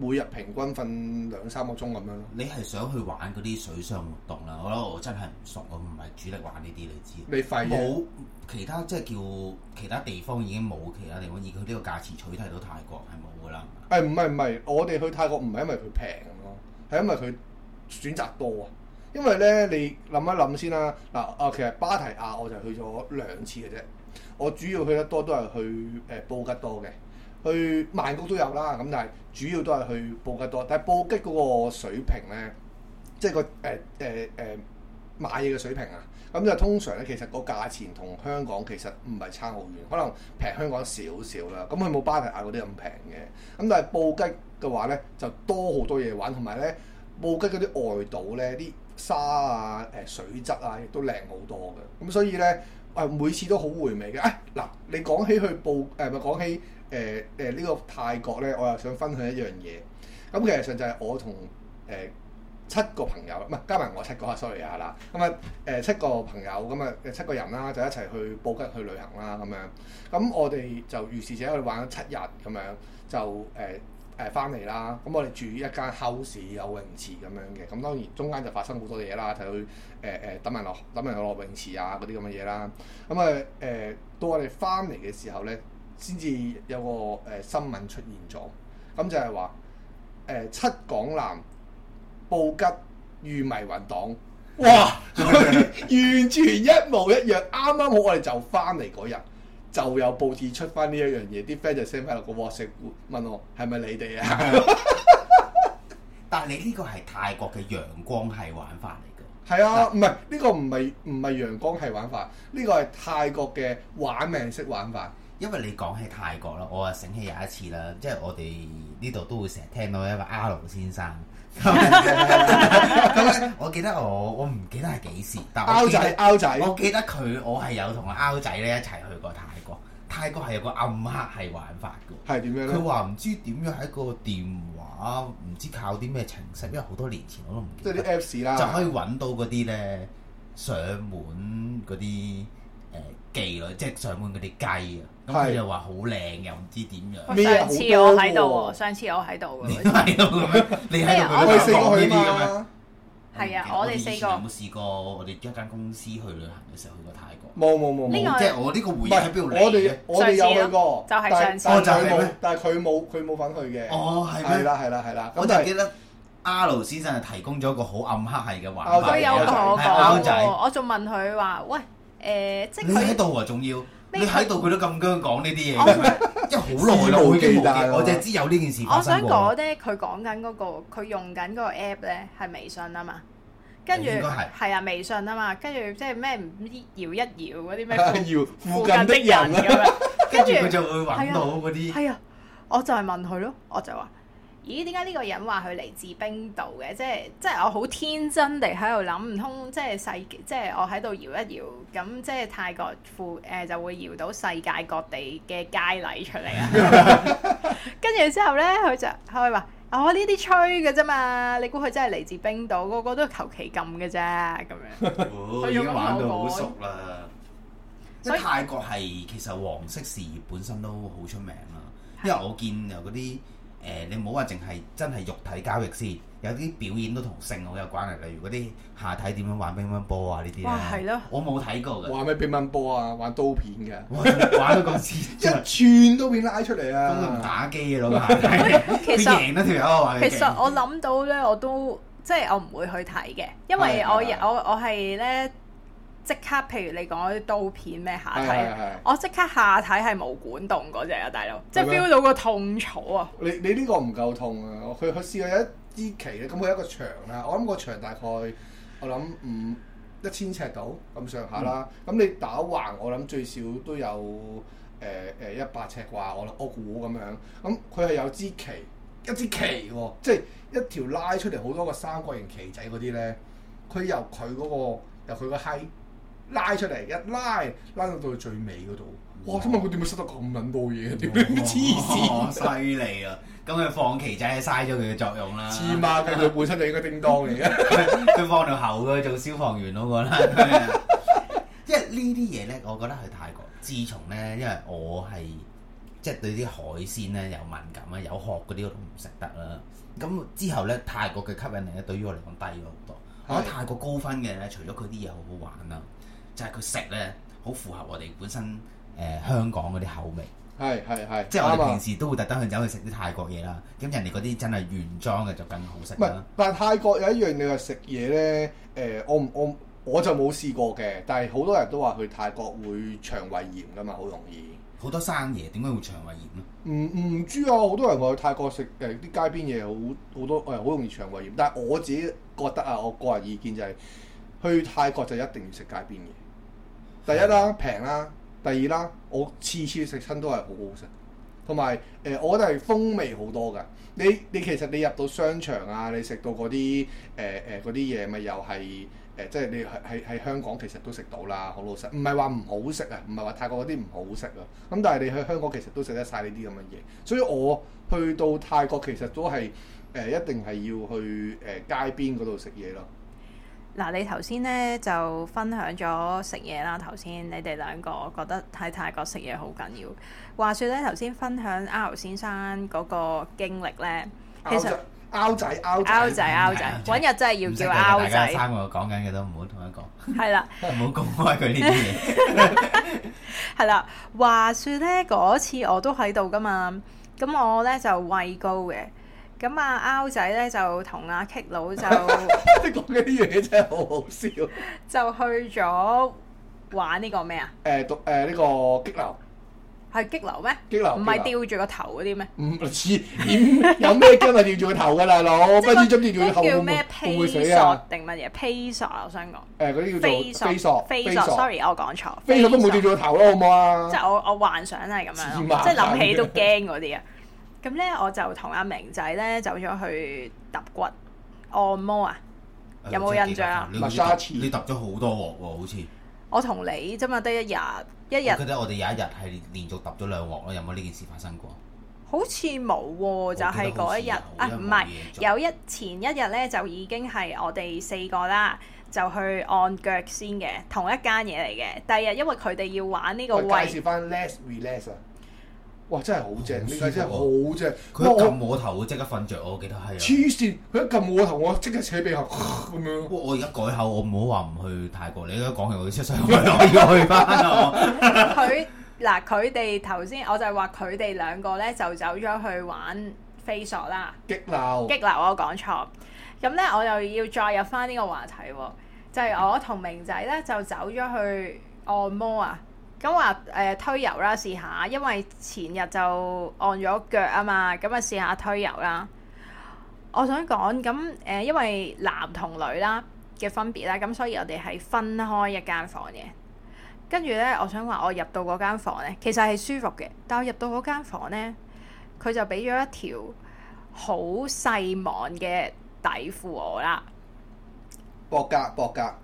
每日平均瞓兩三個鐘咁樣咯。你係想去玩嗰啲水上活動啊？我覺得我真係唔熟，我唔係主力玩呢啲，你知。你廢啊！冇其他即係叫其他地方已經冇其他地方，以佢呢個價錢取替到泰國係冇噶啦。誒唔係唔係，我哋去泰國唔係因為佢平咯，係因為佢選擇多啊。因為咧，你諗一諗先啦。嗱啊，其實芭提雅我就去咗兩次嘅啫。我主要去得多都係去誒、呃、布吉多嘅。去曼谷都有啦，咁但係主要都係去布吉多。但係布吉嗰個水平咧，即係個誒誒誒買嘢嘅水平啊，咁就通常咧其實個價錢同香港其實唔係差好遠，可能平香港少少啦。咁佢冇巴提亞嗰啲咁平嘅。咁但係布吉嘅話咧就多好多嘢玩，同埋咧布吉嗰啲外島咧啲沙啊、誒水質啊，亦都靚好多嘅。咁、啊、所以咧誒、啊、每次都好回味嘅。哎、啊、嗱，你講起去布誒咪、啊、講起。誒誒呢個泰國咧，我又想分享一樣嘢。咁其實上就係我同誒七個朋友，唔係加埋我七個啊，sorry 啊啦。咁啊誒七個朋友，咁啊七個人啦，就一齊去布吉去旅行啦咁樣。咁我哋就如是者去玩咗七日咁樣，就誒誒翻嚟啦。咁、呃、我哋住一間 house 有泳池咁樣嘅。咁當然中間就發生好多嘢啦，睇佢誒誒抌埋落抌埋落泳池啊嗰啲咁嘅嘢啦。咁啊誒到我哋翻嚟嘅時候咧。先至有個誒新聞出現咗，咁就係話誒七港男布吉遇迷魂黨，哇！完全一模一樣。啱啱 好。我哋就翻嚟嗰日，就有報紙出翻呢一樣嘢。啲 friend 就 send 埋落個 WhatsApp 問我係咪你哋啊？ 但係你呢個係泰國嘅陽光系玩法嚟嘅，係啊，唔係呢個唔係唔係陽光系玩法，呢、呢個係泰國嘅玩命式玩法。因為你講起泰國啦，我啊醒起有一次啦，即係我哋呢度都會成日聽到一位阿龍先生。 我記得我我唔記得係幾時，但係我記得我記得佢，我係有同阿歐仔咧一齊去過泰國。泰國係有個暗黑係玩法嘅，係點樣？佢話唔知點樣喺個電話，唔知靠啲咩程式，因為好多年前我都唔記得。即係啲 Apps 啦，就可以揾到嗰啲呢，上門嗰啲。誒，雞咯，即係上門嗰啲雞啊，咁佢又話好靚，又唔知點樣。上次我喺度，上次我喺度。你喺度？你喺度？我哋四個去啲嘛。係啊，我哋四個。有冇試過？我哋一間公司去旅行嘅時候去過泰國。冇冇冇冇。呢即係我呢個回憶。喺邊度嚟？我哋我哋有去過，就係上次。我就係咧，但係佢冇佢冇份去嘅。哦，係佢啦，係啦，係啦。我就係記得，阿盧先生係提供咗一個好暗黑係嘅玩法。佢有講，我仲問佢話喂。誒、呃，即你喺度啊，仲要麼你喺度，佢都咁姜講呢啲嘢，因為好耐啦，好耐 記得。我淨係知有呢件事。我想講咧，佢講緊嗰個，佢用緊個 app 咧係微信啊嘛，跟住係啊微信啊嘛，跟住即係咩唔搖一搖嗰啲咩，搖附， 附近的人的樣，咁跟住佢就會搵到嗰啲。係 啊，啊，啊，我就係問佢咯，我就話。咦？點解呢個人話佢嚟自冰島嘅？即係即係我好天真地喺度諗，唔通即係世即係我喺度搖一搖咁，即係泰國附誒、呃、就會搖到世界各地嘅佳麗出嚟啊！跟住 之後咧，佢就佢話：我呢啲吹嘅啫嘛！你估佢真係嚟自冰島？個個都求其撳嘅啫咁樣。已經、哦、玩到好熟啦！所以泰國係其實黃色事業本身都好出名啦，因為我見有嗰啲。誒、呃，你唔好話淨係真係肉體交易先，有啲表演都同性好有關係，例如嗰啲下體點樣玩乒乓波啊呢啲咧。哇，係咯！我冇睇過嘅。玩咩乒乓波啊？玩刀片嘅。 玩到咁尖， 一串刀片拉出嚟啊！打機嘅老下 其實，佢贏咗條友。其實我諗到咧，我都即係我唔會去睇嘅，因為我我我係咧。即刻，譬如你講嗰啲刀片咩下體，係係係係我即刻下體係毛管戙嗰隻啊，大佬，嗎即係 feel 到個痛楚啊！你你呢個唔夠痛啊！佢佢試過有一支旗咧，咁佢有一個牆啊。我諗個牆大概我諗五、嗯、一千尺度咁上下啦。咁、嗯、你打橫，我諗最少都有誒誒、呃呃、一百尺啩，我我估咁樣。咁佢係有支旗，一支旗喎、哦，即係一條拉出嚟好多個三角形旗仔嗰啲咧。佢由佢嗰、嗰個由佢、嗰個閪。拉出嚟，一拉拉到到最尾嗰度，哇！咁啊，佢點解塞到咁撚多嘢？點解咁黐線？犀利啊！咁佢放旗仔真係嘥咗佢嘅作用啦。黐孖嘅佢本身就應該叮噹嚟嘅，都放條喉佢做消防員嗰個啦。嗯、 因為呢啲嘢咧，我覺得去泰國，自從咧，因為我係即係對啲海鮮咧有敏感啊，有殼嗰啲我都唔食得啦。咁之後咧，泰國嘅吸引力咧對於我嚟講低咗好多。我覺得是泰國高分嘅咧，除咗佢啲嘢好好玩啦。就係佢食咧，好符合我哋本身誒、呃、香港嗰啲口味。係係係，即係我哋平時對都會特登去走去食啲泰國嘢啦。咁人哋嗰啲真係原裝嘅就更好食啦。唔係，但係泰國有一樣你話食嘢咧，誒、呃，我我我，我就冇試過嘅。但係好多人都話去泰國會腸胃炎噶嘛，好容易。好多生嘢，點解會腸胃炎咧？唔唔、嗯、知啊！好多人話去泰國食誒啲街邊嘢，好好多誒，好、嗯、容易腸胃炎。但係我自己覺得啊，我個人意見就係、是、去泰國就一定要食街邊嘢。第一啦，平啦，第二啦，我次次食親都係好好食，同埋誒我覺得係風味好多嘅。你你其實你入到商場啊，你食到嗰啲誒誒啲嘢咪又係誒即係你喺喺香港其實都食到啦，好老實。唔係話唔好食啊，唔係話泰國嗰啲唔好食啊。咁但係你去香港其實都食得晒呢啲咁嘅嘢，所以我去到泰國其實都係誒、呃、一定係要去誒、呃、街邊嗰度食嘢咯。嗱，你頭先咧就分享咗食嘢啦。頭先你哋兩個覺得喺泰國食嘢好緊要。話説咧，頭先分享歐先生嗰個經歷咧，其實歐仔歐仔歐仔歐仔，揾日真係要叫歐仔。唔記得大家三個講緊嘅都唔好同佢講。係啦，唔好公開佢呢啲嘢。係 啦，話説咧嗰次我都喺度噶嘛，咁我咧就畏高嘅。咁啊，out 仔咧就同阿 K 佬就，你講緊啲嘢真係好好笑。就去咗玩呢個咩啊？誒，讀誒呢個激流係激流咩？激流唔係吊住個頭嗰啲咩？唔似，有咩驚啊？吊住個頭噶大佬，不知今跌住後邊會唔會死啊？定乜嘢飛索我想講誒，嗰啲叫做飛索 sorry 我講錯飛索都冇吊住個頭咯，好唔好啊？即係我我幻想係咁樣，即係諗起都驚嗰啲啊！咁咧，我就同阿明仔咧走咗去揼骨按摩啊，哎、有冇印象啊？你揼咗好多鑊喎、啊，好似我同你啫嘛，得一日一日。覺得我哋有一日係連續揼咗兩鑊咯，有冇呢件事發生過？好似冇、啊，就係、是、嗰一日啊，唔係做有一前一日咧，就已經係我哋四個啦，就去按腳先嘅，同一間嘢嚟嘅。第二日因為佢哋要玩呢個位，介紹翻 less relax, 哇！真係好正，呢、啊、個真係好正。佢一撳我頭，即刻瞓着我記得係我啊。黐線！佢一撳我頭，我即刻扯鼻喉咁、呃、樣。哇！我而家改口，我唔好話唔去泰國。你而家講起我出出去我要去翻。佢嗱， 佢哋頭先我就係話佢哋兩個咧就走咗去玩飛索啦。激流爛！激流！我講錯。咁咧，我就要再入翻呢個話題。就係、是、我同明仔咧就走咗去按摩啊。咁話，誒，推油啦，試下，因為前日就按咗腳啊嘛，咁啊試下推油啦。我想講咁，誒，因為男同女啦嘅分別啦，咁所以我哋係分開一間房嘅。跟住呢，我想話我入到嗰間房呢，其實係舒服嘅，但我入到嗰間房呢，佢就俾咗一條好細網嘅底褲我啦。博格，博格。博格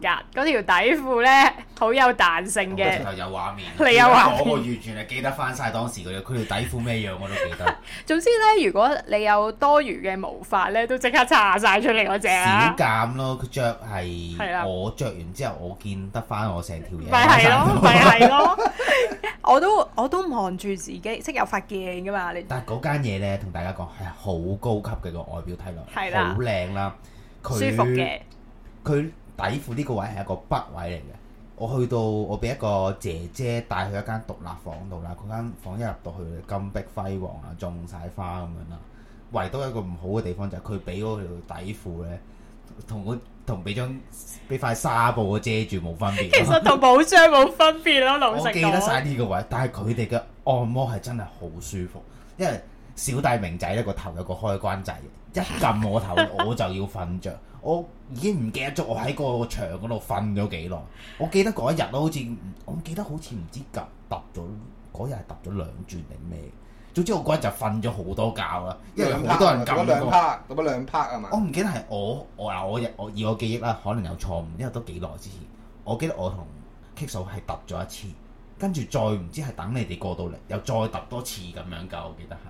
格嗰條底褲咧，好有彈性嘅。嗰頭有畫面，你有畫面嗰個完全係記得翻晒當時嘅嘢。佢條底褲咩樣我都記得。總之咧，如果你有多餘嘅毛髮咧，都即刻擦晒出嚟嗰隻。少間咯，佢著係我着完之後，我見得翻我成條嘢。咪係咯，咪係咯。我都我都望住自己，即有發鏡㗎嘛？你但係嗰間嘢咧，同大家講係好高級嘅個外表睇落係啦，好靚啦，舒服嘅佢。底褲呢個位係一個北位嚟嘅，我去到我俾一個姐姐帶去一間獨立房度啦，嗰間房一入到去金碧輝煌啊，種晒花咁樣啦。唯獨一個唔好嘅地方就係佢俾嗰條底褲呢，同我同俾張俾塊紗布嘅遮住冇分別。其實同冇遮冇分別咯，劉，我記得晒呢個位，但係佢哋嘅按摩係真係好舒服，因為。小大明仔呢個頭有個開關掣，一撳我頭我就要瞓着。我已經唔記得咗我喺個牆嗰度瞓咗幾耐。我記得嗰一日咯，好似我記得好似唔知撳揼咗嗰日係揼咗兩轉定咩？總之我嗰日就瞓咗好多覺啦，因為好多人撳喎。揼咗兩拍，揼咗兩拍啊嘛。我唔記得係我我嗱我我以我記憶啦，可能有錯誤，因為都幾耐之前。我記得我同 Kick 嫂係揼咗一次，跟住再唔知係等你哋過到嚟，又再揼多次咁樣噶，我記得嚇。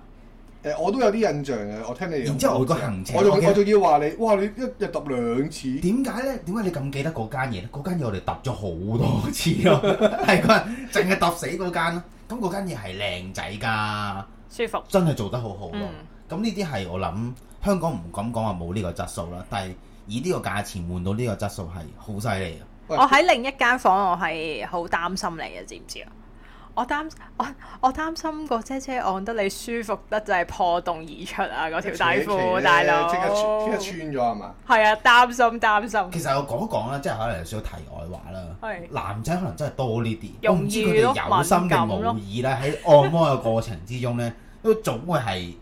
誒、欸，我都有啲印象嘅，我聽你有有。然之後我個行程，我仲還 Okay. 我仲要話你，哇！你一日揼兩次，點解咧？點解你咁記得嗰間嘢咧？嗰間嘢我哋揼咗好多次咯，係個， 淨係揼死嗰間咯。咁嗰間嘢係靚仔噶，舒服，真係做得好好咯。咁呢啲係我諗香港唔敢講話冇呢個質素啦，但係以呢個價錢換到呢個質素係好犀利啊！我喺另一間房，我係好擔心你嘅，知唔知啊？我擔我我擔心個車車按得你舒服得就係、是、破洞而出啊！嗰條底褲大佬人，即刻穿咗係嘛？係啊，擔心擔心。擔心其實我講一講啦，即係可能有少少題外話啦。係是男仔可能真係多呢啲，容易我唔知佢有心嘅無意咧，喺按摩嘅過程之中咧，都總會係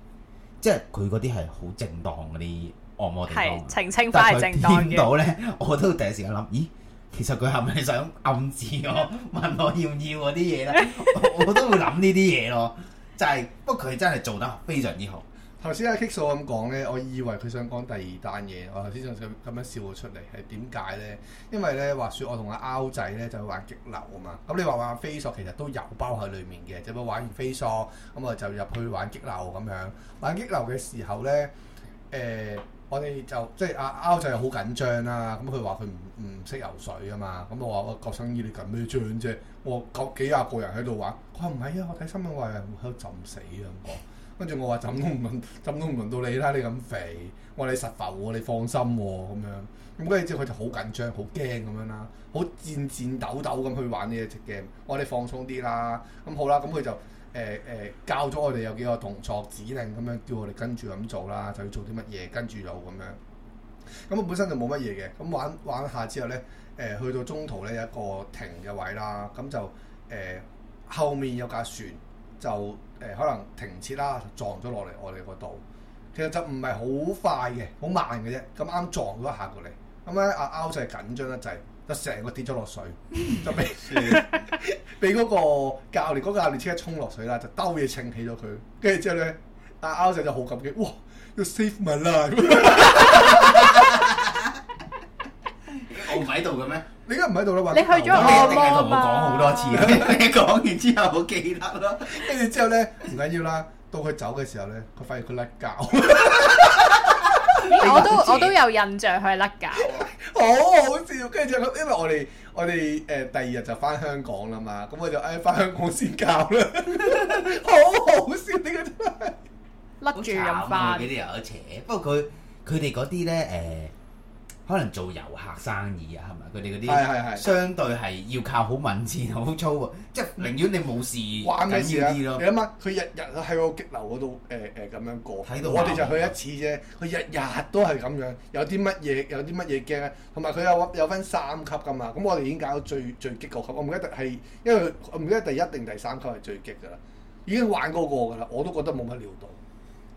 即係佢嗰啲係好正當嗰啲按摩地方，澄清翻係正當嘅。聽到咧，我都第一時間諗，咦？其實佢係咪想暗示我問我要唔要嗰啲嘢咧？我都會諗呢啲嘢咯，就係不過佢真係做得非常之好。頭先阿 Kiss 我咁講咧，我以為佢想講第二單嘢，我頭先就咁咁樣笑咗出嚟，係點解咧？因為咧，話說我同阿歐仔咧就，玩玩就，玩 off，就去玩激流啊嘛。咁你話玩飛索其實都有包喺裏面嘅，就不玩完飛索咁啊就入去玩激流咁樣。玩激流嘅時候咧，誒、欸。我哋就即係阿歐仔又好緊張啦、啊，咁佢話佢唔唔識游水啊嘛，咁我話我救生衣你緊咩張啫？我九幾廿個人喺度玩，佢話唔係啊，我睇新聞話有人喺度浸死啊咁講，跟、嗯、住我話浸都唔浸都唔輪到你啦，你咁肥，我話你實浮喎，你放心喎、啊、咁樣，咁跟住之後佢就好緊張，好驚咁樣啦，好顫顫抖抖咁去玩呢隻 game，我話你放鬆啲啦，咁、嗯、好啦，咁、嗯、佢就。誒誒、呃、教咗我哋有幾個動作指令咁樣，叫我哋跟住咁做啦，就要做啲乜嘢，跟住就咁樣。咁啊，本身就冇乜嘢嘅。咁玩玩下之後咧，誒、呃、去到中途咧，有一個停嘅位啦，咁就誒、呃、後面有架船就誒、呃、可能停唔切啦，撞咗落嚟我哋度。其實就唔係好快嘅，好慢嘅啫。咁啱撞咗一下過嚟，咁咧阿歐就係緊張得滯。就係就成個跌咗落水，就俾俾嗰個教練嗰個教練車一沖落水啦，就兜嘢清起咗佢。跟住之後咧，阿歐仔就好感激， 哇，要 save my 我唔喺度嘅咩？你而家唔喺度啦嘛？你去咗河同我講好多次， 你講完之後我記得咯。跟住之後咧，唔緊要啦。到佢走嘅時候咧，佢發現佢甩教。 我都我都有印象佢係甩教 ，好好笑。跟住，因為我哋我哋誒、呃、第二日就翻香港啦嘛，咁我就誒翻香港先教啦，好好笑、， 嗯、呢個甩住咁翻，嗰啲又一邪。不過佢佢哋嗰啲咧誒。可能做遊客生意 明啊，係咪？佢哋嗰啲係係係，相對係要靠好敏捷、好粗，即係寧願你冇事玩緊要啲咯。你諗下，佢日日喺個激流嗰度誒誒咁樣過，到我哋就去一次啫。佢白日日都係咁樣，有啲乜嘢？有啲乜嘢驚咧？同埋佢有有分三級㗎嘛？咁我哋已經搞到最最激嗰級，我唔記得係因為我唔記得第一定第三級係最激㗎啦，已經玩過個㗎啦，我都覺得冇乜料到。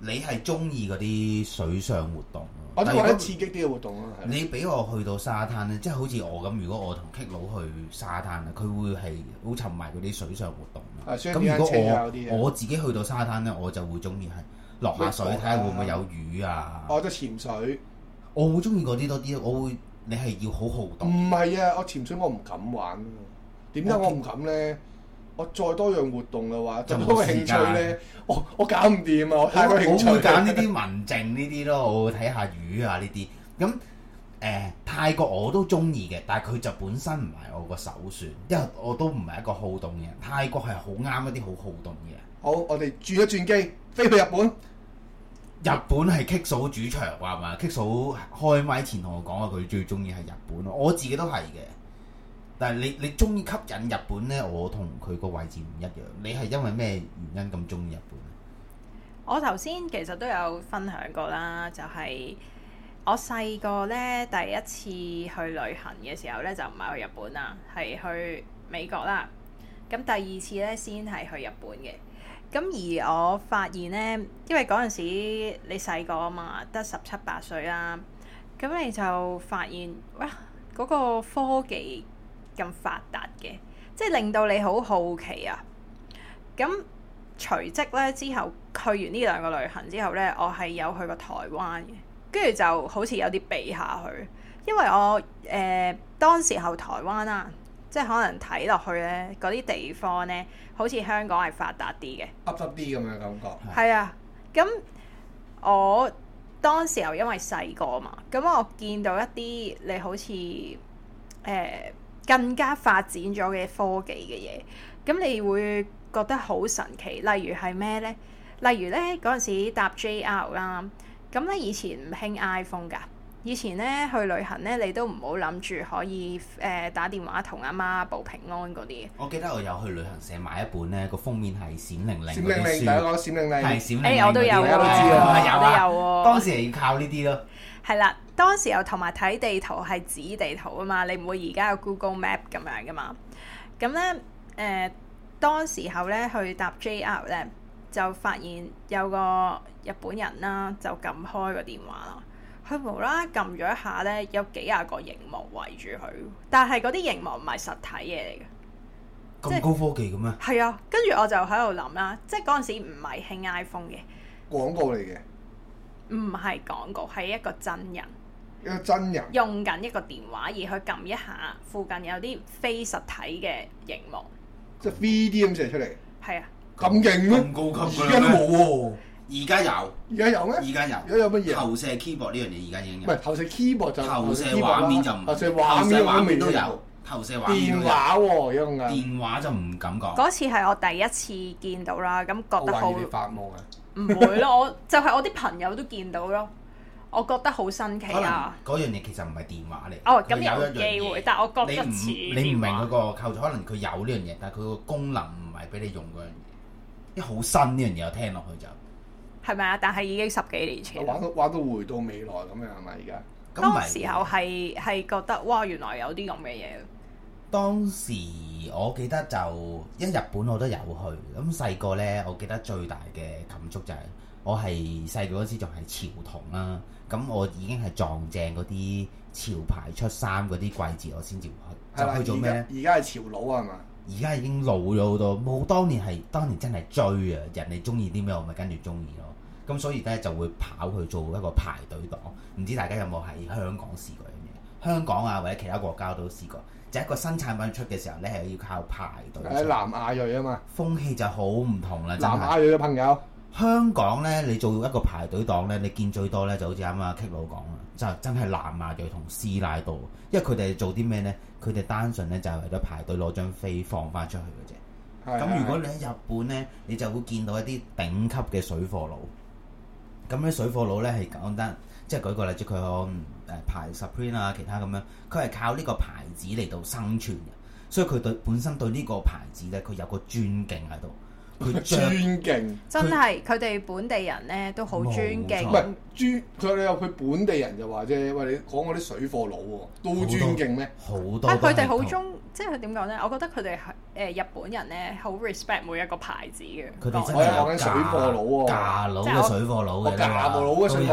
你係中意嗰啲水上活動？我覺得刺激啲嘅活動啊。你俾我去到沙灘咧，即係好似我咁。如果我同 K 佬去沙灘啊，佢會係好沉迷嗰啲水上活動啊。咁、嗯、咁如果我、呃、我自己去到沙灘咧，我就會中意係落下水睇下、啊、會唔會有魚啊。哦，即係潛水，我會中意嗰啲多啲。我會，你係要好好動。唔係啊！我潛水我唔敢玩，點解我唔敢咧？我再多樣活動嘅話，就多興趣呢我我搞唔掂啊！我泰國再揀呢啲文靜呢啲咯，我睇下魚啊呢啲。咁誒、呃，泰國我都中意嘅，但係佢就本身唔係我個首選，因為我都唔係一個好動嘅人。泰國係好啱一啲好好動嘅人。好，我哋轉一轉機，飛去日本。日本係 Kiko 主場，係咪？Kiko 開咪前同我講啊，佢最中意係日本，我自己都係嘅。但係你你中意吸引日本呢？我同佢個位置唔一樣。你係因為咩原因咁中意日本？我頭先其實都有分享過啦，就係我細個呢，第一次去旅行嘅時候呢，就唔係去日本啦，係去美國啦。咁第二次呢，先係去日本嘅。咁而我發現呢，因為嗰陣時你細個啊嘛，得十七八歲啦，咁你就發現哇嗰個科技。咁發達嘅，即係令到你好好奇啊！咁隨即呢，之後去完呢兩個旅行之後呢，我係有去過台灣嘅，跟住就好似有啲比下去，因為我誒、呃、當時候台灣啦、啊，即係可能睇落去呢嗰啲地方呢，好似香港係發達啲嘅，凹凸啲咁嘅感覺。係 Yeah. 啊，咁我當時候因為細個嘛，咁我見到一啲你好似誒。呃更加發展咗嘅科技嘅嘢，咁你會覺得好神奇。例如係咩呢？例如呢嗰陣時搭 JR 啦，咁呢以前唔興 iPhone 㗎。以前咧去旅行咧，你都唔好諗住可以誒打電話同阿媽報平安嗰啲。我記得我有去旅行社買一本咧，個封面係閃靈靈。閃靈靈第一個，閃靈靈係閃靈靈誒，我都有，我都知道，我都有。當時係要靠呢啲咯。係啦，當時又同埋睇地圖係紙地圖啊嘛，你唔會而家有 Google Map 咁樣噶嘛。咁咧誒，當時候咧去搭 JR 咧，就發現有個日本人啦，就撳開個電話咯。佢無啦，撳咗一下咧，有幾廿個熒幕圍住佢，但係嗰啲熒幕唔係實體嘢嚟嘅。咁高科技嘅咩？係啊，跟住我就喺度諗啦，即係嗰陣時唔係興 iPhone 嘅廣告嚟嘅，唔係廣告，係一個真人，一個真人用緊一個電話而去撳一下，附近有啲非實體嘅熒幕，即係 3D 咁寫出嚟，係啊，咁勁咯，咁高級嘅都冇。而家有，而家有咩？而家有，而家有乜嘢？投射 keyboard 呢樣嘢，而家已經有。唔係投射 keyboard 就投射畫面就唔投射畫面都有，投射畫面電話喎，用噶電話就唔敢講。嗰次係我第一次見到啦，咁覺得好。會發夢嘅唔會咯，我就係我啲朋友都見到咯，我覺得好新奇啊！嗰樣嘢其實唔係電話嚟。哦，咁有一樣機會，但係我覺得似電話。你唔你唔明佢個構？可能佢有呢樣嘢，但係佢個功能唔係俾你用嗰樣嘢，因為好新呢樣嘢，我聽落去就。係咪啊？但係已經十幾年前啦。玩到玩到回到未來咁樣係咪？而家當時候係係覺得哇，原來有啲咁嘅嘢。當時我記得就因為日本我都有去。咁細個呢，我記得最大嘅感觸就係、是、我係細個嗰時仲係潮童啦、啊。咁我已經係撞正嗰啲潮牌出衫嗰啲季節，我先至去。的就去做咩？而家係潮佬係嘛？而家已經老咗好多。冇當年係當年真係追啊！人哋中意啲咩，我咪跟住中意咯。咁、嗯、所以咧就會跑去做一個排隊黨，唔知大家有冇喺香港試過樣嘢？香港啊，或者其他國家都試過，就是、一個新產品出嘅時候，你係要靠排隊。誒，南亞裔啊嘛，風氣就好唔同啦，真係南亞裔嘅朋友，香港呢，你做一個排隊黨呢，你見最多呢，就好似啱啱 K 佬講啦，就真係南亞裔同師奶多，因為佢哋做啲咩呢？佢哋單純呢，就係、是、為咗排隊攞張飛放翻出去嘅啫。咁如果你喺日本呢，你就會見到一啲頂級嘅水貨佬。咁啲水貨佬咧係簡單，即係舉個例子，佢可誒排 Supreme 啊，其他咁樣，佢係靠呢個牌子嚟到生存嘅，所以佢對本身對呢個牌子咧，佢有個尊敬喺度。尊敬，真係佢哋本地人咧都好尊敬，唔係尊。佢你又佢本地人就話啫，喂，你講我啲水貨佬都尊敬咩？好多，但佢哋好中，即係點講咧？我覺得佢哋誒日本人咧好 respect 每一個牌子嘅。佢哋講緊水貨佬，假佬嘅水貨佬嘅假佬嘅水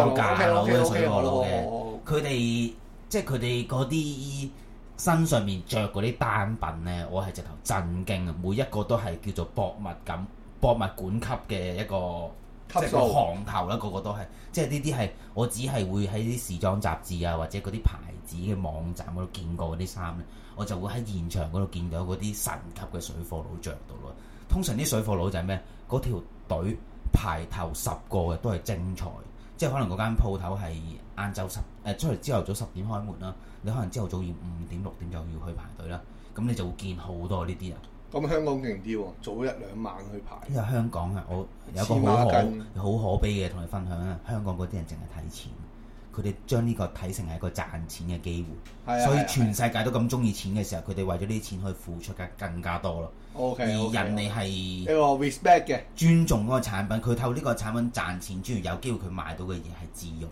貨佬嘅，佢哋即係佢哋嗰啲身上面着嗰啲單品咧，我係直頭震驚啊！每一個都係叫做博物咁。博物館級嘅一個，即係行頭啦，個個都係，即係呢啲係我只係會喺啲時裝雜誌啊，或者嗰啲牌子嘅網站嗰度見過嗰啲衫呢，我就會喺現場嗰度見到嗰啲神級嘅水貨佬着到咯。通常啲水貨佬就係咩？嗰條隊排頭十個嘅都係精彩。即係可能嗰間鋪頭係晏晝十誒，出嚟朝頭早十點開門啦，你可能朝頭早要五點六點就要去排隊啦，咁你就會見好多呢啲人。咁香港勁啲喎，早一兩晚去排。因為香港啊，我有個好好可，可悲嘅同你分享啊，香港嗰啲人淨係睇錢，佢哋將呢個睇成係一個賺錢嘅機會，是的 所以全世界都咁中意錢嘅時候，佢哋的為咗呢啲錢去付出嘅更加多咯。的而人哋係 respect 嘅尊重嗰個產品，佢透過呢個產品賺錢，先有機會佢買到嘅嘢係自用。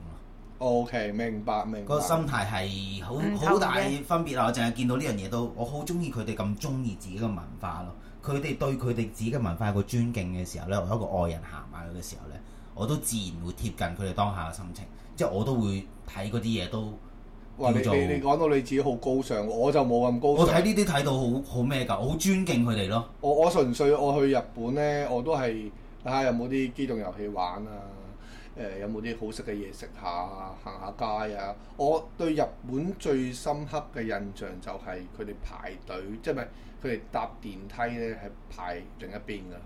O K，明白明白。明白個心態係好好大分別啊！嗯、我淨係見到呢樣嘢都，我好中意佢哋咁中意自己嘅文化咯。佢哋對佢哋自己嘅文化有個尊敬嘅時候呢，我一個外人行埋去嘅時候呢，我都自然會貼近佢哋當下嘅心情，即係我都會睇嗰啲嘢都叫做。你講到你自己好高尚，我就冇咁高尚我。我睇呢啲睇到好好咩㗎，好尊敬佢哋咯。我我純粹我去日本呢，我都係睇下有冇啲機動遊戲玩啊。誒，有冇啲好食嘅嘢食下，行下街啊！我對日本最深刻嘅印象就係佢哋排隊，即係咪佢哋搭電梯咧係排另一邊噶，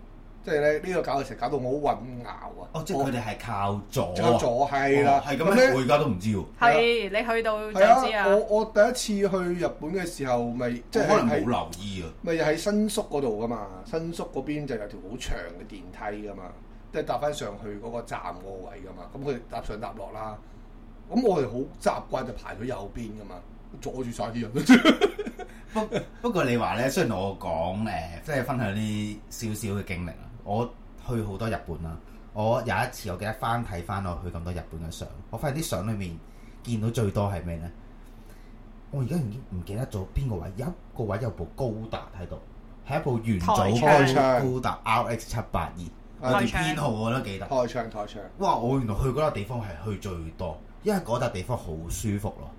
即係咧呢、呢個搞嘅時候搞到我好混淆啊！哦，即係佢哋係靠左，靠左係啦，係咁咧，我而家都唔知喎。係、啊、你去到就知啊！啊我我第一次去日本嘅時候，咪即係可能冇留意啊！咪喺新宿嗰度噶嘛，新宿嗰邊就有條好長嘅電梯噶嘛。即係搭翻上去嗰個站個位噶嘛，咁佢搭上搭落啦，咁我哋好習慣就排咗右邊噶嘛，阻住晒啲人。 不不過你話咧，雖然我講誒，即、呃、係分享啲少少嘅經歷啊，我去好多日本啦，我有一次我記得翻睇翻我去咁多日本嘅相，我發現啲相裏面見到最多係咩咧？我而家已經唔記得咗邊個位，一個位有部高達喺度，係一部元祖高達 R X 七八二。我連編號我都記得。台場、台場。台場哇！我原來去嗰笪地方係去最多，因為嗰笪地方好舒服咯。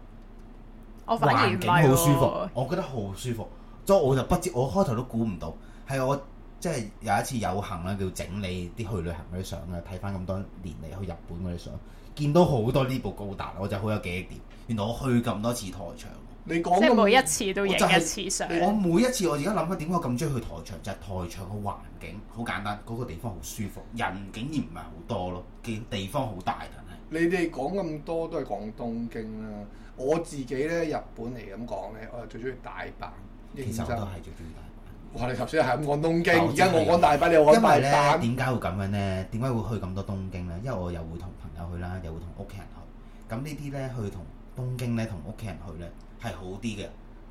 我反而景好舒服，我覺得好舒服。所以我就不知，我開頭都估唔到，係我即係有一次有幸，咧，叫整理啲去旅行嗰啲相啊，睇翻咁多年嚟去日本嗰啲相，見到好多呢部高達，我就好有記憶點。原來我去咁多次台場。你講即係每一次都影一次相，就是。我每一次我而家諗返，點解咁中意去台場？就係、是、台場個環境好簡單，嗰、那個地方好舒服，人竟然唔係好多咯。見地方好大，你哋講咁多都係講東京啦、啊。我自己咧，日本嚟咁講咧，我最中意大阪。其實我都係最中意大阪。哇，你頭先係咁講東京，而家我講大阪，你我因為咧，點解會咁樣咧？點解會去咁多東京咧？因為我又會同朋友去啦，又會同屋企人去。咁呢啲咧，去同東京咧，同屋企人去咧。係好啲嘅，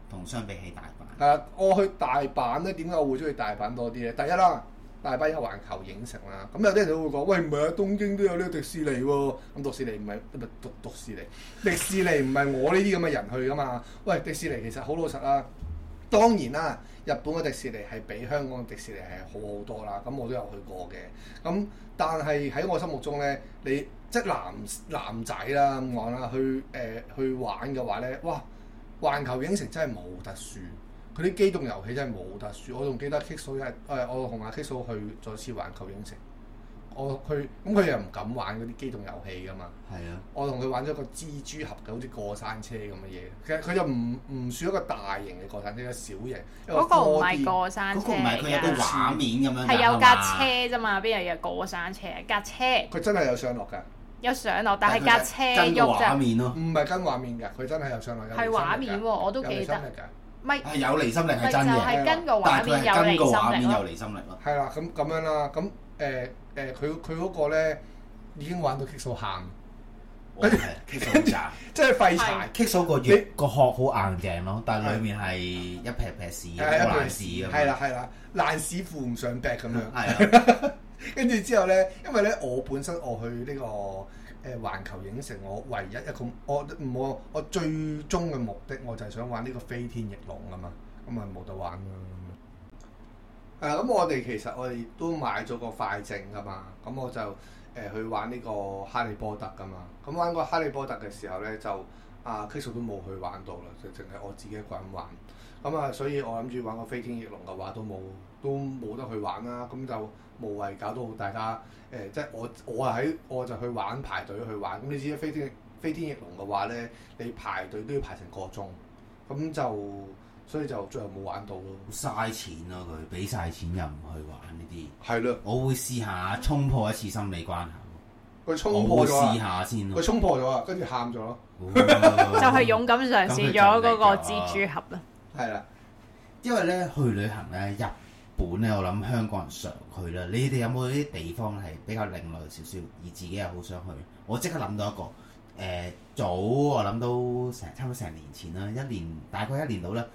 同相比起大阪，啊！我去大阪咧，點解我會中意大阪多啲咧？第一啦，大阪一個環球影城啦。咁有啲人都會講，喂，唔係啊，東京都有呢個迪士尼喎、啊。咁 迪士尼唔係咪迪士尼？迪士尼唔係我呢啲咁嘅人去噶嘛？喂，迪士尼其實好老實啦。當然啦，日本嘅迪士尼係比香港嘅迪士尼係好好多啦。咁我都有去過嘅。咁但係喺我心目中咧，你即係男男仔啦咁講啦，去誒、呃、去玩嘅話咧，哇！環球影城真係冇特殊，佢啲機動遊戲真係冇特殊。我仲記得 k i s s o 係，誒，我同阿 k i s s 去再次環球影城，我佢咁佢又唔敢玩嗰啲機動遊戲㗎嘛。係啊，我同佢玩咗個蜘蛛俠嘅，好似過山車咁嘅嘢。其實佢就唔唔算一個大型嘅過山車，小型。嗰個唔係過山車啊！唔係佢有一個畫面咁樣。係有架車啫嘛，邊有吧有過山車架車？佢真係有上落㗎。有上落，但係架車喐咋，畫面咯，唔係跟畫面噶，佢真係有上落。係畫面喎，我都記得。唔係，係有離心力，係真嘅。但係係跟個畫面有離心力咯。係啦，咁咁樣啦，咁誒誒，佢佢嗰個咧已經玩到棘數喊跟住，跟住，即係廢柴棘數個個殼好硬淨咯，但係裏面係一撇撇屎爛屎，係啦係啦，爛屎扶唔上壁咁樣。跟住之後呢，因為呢，我本身我去呢、這個誒、呃、環球影城，我唯一一個我我我最終嘅目的，我就係想玩呢個飛天翼龍啊嘛，咁啊冇得玩啦。咁、啊、我哋其實我哋都買咗個快證噶嘛，咁我就誒、呃、去玩呢個哈利波特噶嘛。咁玩個哈利波特嘅時候呢，就阿 Kiss、啊、都冇去玩到啦，就淨係我自己一個人玩。咁啊，所以我諗住玩個飛天翼龍嘅話，都冇。都冇得去玩啦，咁就無謂搞到大家誒、欸，即係我我係喺我就去玩排隊去玩，咁你知飛天飛天翼龍嘅話呢，你排隊都要排，要排成個鐘，咁就所以就最後冇玩到咯。嘥 錢咯、啊，佢俾晒錢又唔去玩呢啲。係咯，的我會試下衝破一次心理關口。破我會試下先。佢衝破咗啊！跟住喊咗咯。 就係勇敢嘗試咗嗰個蜘蛛俠啦。係啦， 因為呢，去旅行呢。入。本咧，我諗香港人常去啦。你哋有冇啲地方係比較另類少少，而自己又好想去？我即刻諗到一個誒、呃，早我諗到成差唔多成年前啦，一年大概一年到啦。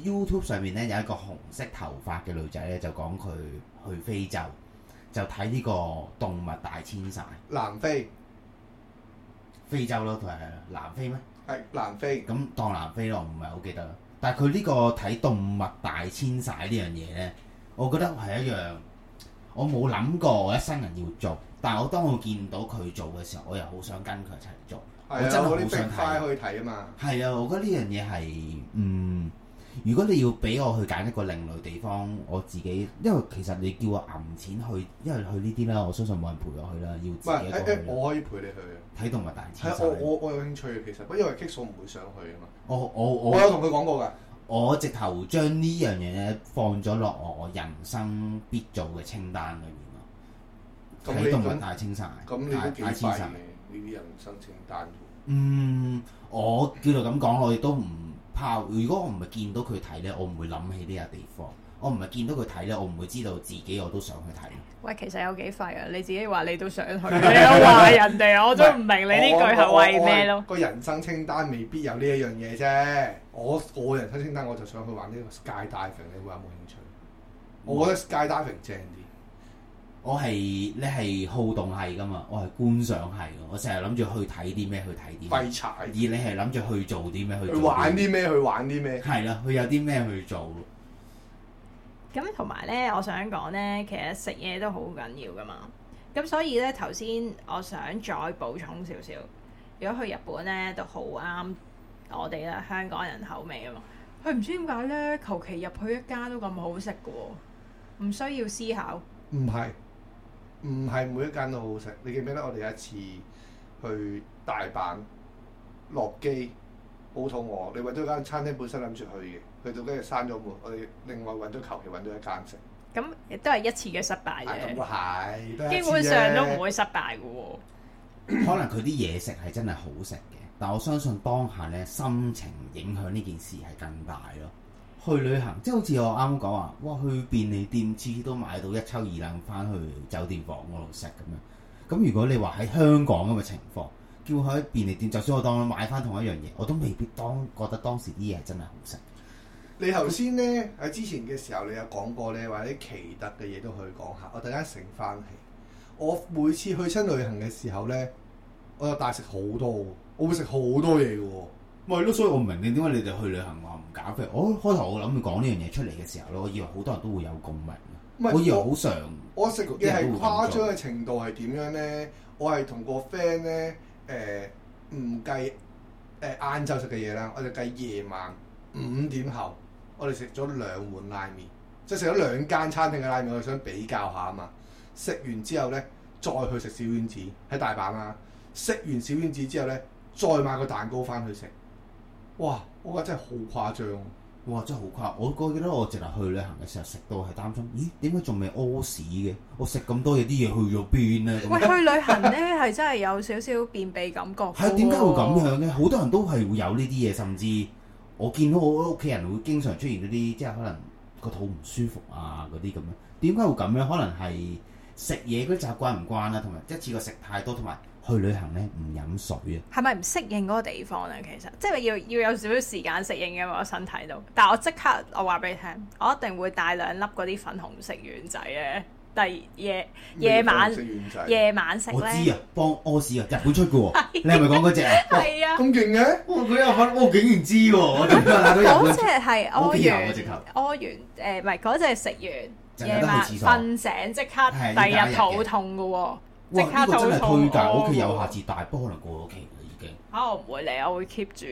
YouTube 上面咧有一個紅色頭髮嘅女仔咧，就講佢去非洲就睇呢個動物大遷徙。南非、非洲咯，同埋南非咩？係南非咁當南非咯，唔係好記得啦。但係佢呢個睇動物大遷徙呢樣嘢咧。我覺得係一樣，我冇諗過我一生人要做，但係我當我見到佢做嘅時候，我又好想跟佢一齊做。係啊的，我呢最快去睇啊嘛。係啊，我覺得呢樣嘢係嗯，如果你要俾我去揀一個另類地方，我自己因為其實你叫我揞錢去，因為去呢啲啦，我相信冇人陪我去啦，要自己誒、欸欸？我可以陪你去睇動物大遷徙、欸。我我，我有興趣其實，因為棘少唔會上去啊嘛。我我我有同佢講過㗎。我直頭將呢樣嘢咧放咗落我人生必做嘅清單裏面咯，睇都唔係太清曬，太清曬呢啲人生清單。嗯，我叫做咁講，我亦都唔怕。如果我唔係見到佢睇咧，我唔會諗起呢個地方。我唔係見到佢睇咧，我唔會知道自己我都想去睇。喂，其實有幾廢啊！你自己話你都想去，你都話人哋，我都唔明你呢句係為咩咯？個人生清單未必有呢一樣嘢啫。我我人生清單我就想去玩呢個 sky diving 你會有冇興趣？我覺得 sky diving 正啲。嗯、我係你係好動係噶嘛？我係觀賞係。我成日諗住去睇啲咩，去睇啲廢柴。而你係諗住去做啲咩？去玩啲咩？去玩啲咩？係啦，佢有啲咩去做？咁同埋咧，我想講咧，其實食嘢都好緊要噶嘛。咁所以咧，頭先我想再補充少少。如果去日本咧，都好啱我哋啦，香港人口味啊嘛。佢唔知點解咧，求其入去一間都咁好食嘅喎，唔需要思考。唔係，唔係每一間都好食。你記唔記得我哋有一次去大阪落機？好肚餓，你揾咗間餐廳本身諗住去嘅，去到跟住閂咗門，我哋另外揾咗求其揾咗一間食。咁亦、啊、都係一次嘅失敗嘅。係、啊，基本上都唔會失敗㗎喎。可能佢啲嘢食係真係好食嘅，但我相信當下呢心情影響呢件事係更大咯。去旅行即係好似我啱啱講話，哇！去便利店次次都買到一抽二冷翻去酒店房嗰度食咁樣。咁如果你話喺香港咁嘅情況。叫佢喺便利店，就算我當我買翻同一樣嘢，我都未必當覺得當時啲嘢真係好食。你頭先咧喺之前嘅時候，你有講過咧，或者啲奇特嘅嘢都可以講下。我突然間醒翻起，我每次去親旅行嘅時候咧，我就大食好多，我會食好多嘢嘅，哦。咪咯，所以我唔明點解你哋去旅行話唔減肥。我開頭我諗佢講呢樣嘢出嚟嘅時候咧，我以為好多人都會有共鳴，是我以為好常。我食嘅係誇張嘅程度係點樣咧？我係同個 friend 咧。誒，唔計誒晏晝食嘅嘢啦，我哋計夜晚五點後，我哋食咗兩碗拉麵，即係食咗兩間餐廳嘅拉麵，我哋想比較下啊嘛。食完之後咧，再去食小丸子喺大阪啦啊。食完小丸子之後咧，再買個蛋糕翻去食。哇，我覺得真係好誇張。哇！真係好誇。我記得我直頭去旅行嘅時候食到係擔心，咦？點解仲未屙屎嘅？我食咁多嘢，啲嘢去咗邊呢？喂，去旅行呢係 真係有少少便秘感覺。係啊、哎，點解會咁樣呢？好 多人都係會有呢啲嘢，甚至我見到我屋企人會經常出現嗰啲，即係可能個肚唔舒服啊嗰啲咁樣。點解會咁樣？可能係食嘢嗰啲習慣唔慣啦，同埋一次過食太多，同埋。去旅行咧，唔飲水啊？係咪唔適應嗰個地方啊？其實即係要要有少少時間適應嘅我身體度。但係我即刻，我話俾你聽，我一定會帶兩粒嗰啲粉紅色丸仔咧。第，夜夜晚食丸仔，夜晚食咧，我知啊，幫屙屎啊，日本出嘅喎。你係咪講嗰隻啊？係啊，咁勁嘅！我有日我竟然知喎，我點嗰隻係屙完，屙完誒，唔係嗰隻食完夜晚瞓醒即刻，第二日肚痛嘅喎。即刻哇推，錯喎、哦！我屋企有下次大，不可能過咗期啦，已經嚇、哦、我唔會理，我會 keep 住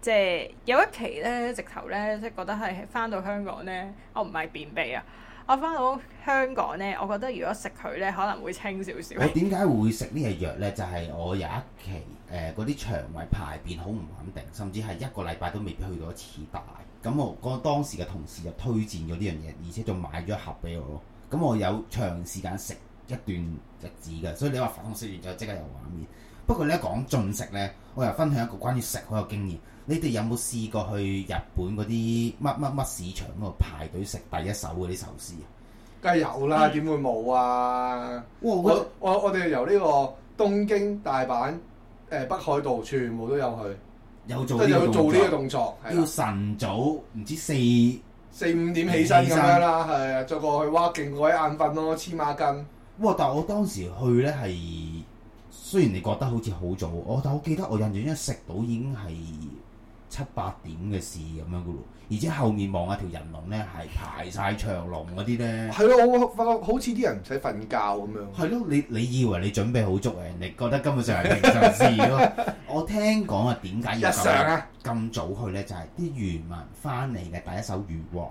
即係有一期呢，直頭呢，即係覺得係翻到香港呢，我唔係便秘啊，我翻到香港呢，我覺得如果食佢呢，可能會清少少。我點解會食呢啲藥呢？就係、是、我有一期誒嗰啲腸胃排便好唔穩定，甚至係一個禮拜都未必去到一次大。咁我嗰當時嘅同事就推薦咗呢樣嘢，而且仲買咗盒俾我咯。咁我有長時間食。一段日子嘅，所以你話飯食完就即刻又玩面。不過咧講進食咧，我又分享一個關於食嗰個經驗。你哋有冇試過去日本嗰啲乜乜乜市場嗰度排隊食第一手嗰啲壽司啊？梗係有啦，點會冇啊？嗯、我我哋由呢個東京、大阪、誒、呃、北海道全部都有去，有做，即做呢個動作，動作要晨早唔知四四五點起身咁樣啦，係啊，再過去哇，勁鬼眼瞓咯，黐孖筋。但係我當時去呢，係雖然你覺得好似好早，我但我記得我印象中食到已經係七八點嘅事咁樣嘅咯，而且後面望下條人龍呢，係排晒長龍嗰啲呢，係咯，我發覺好似啲人唔使瞓覺咁樣。係咯，你你以為你準備好足嘅，你覺得根本上係平常事咯。 我聽講啊，點解要咁 Yes, sir. 早去呢，就係啲漁民翻嚟嘅第一手漁獲。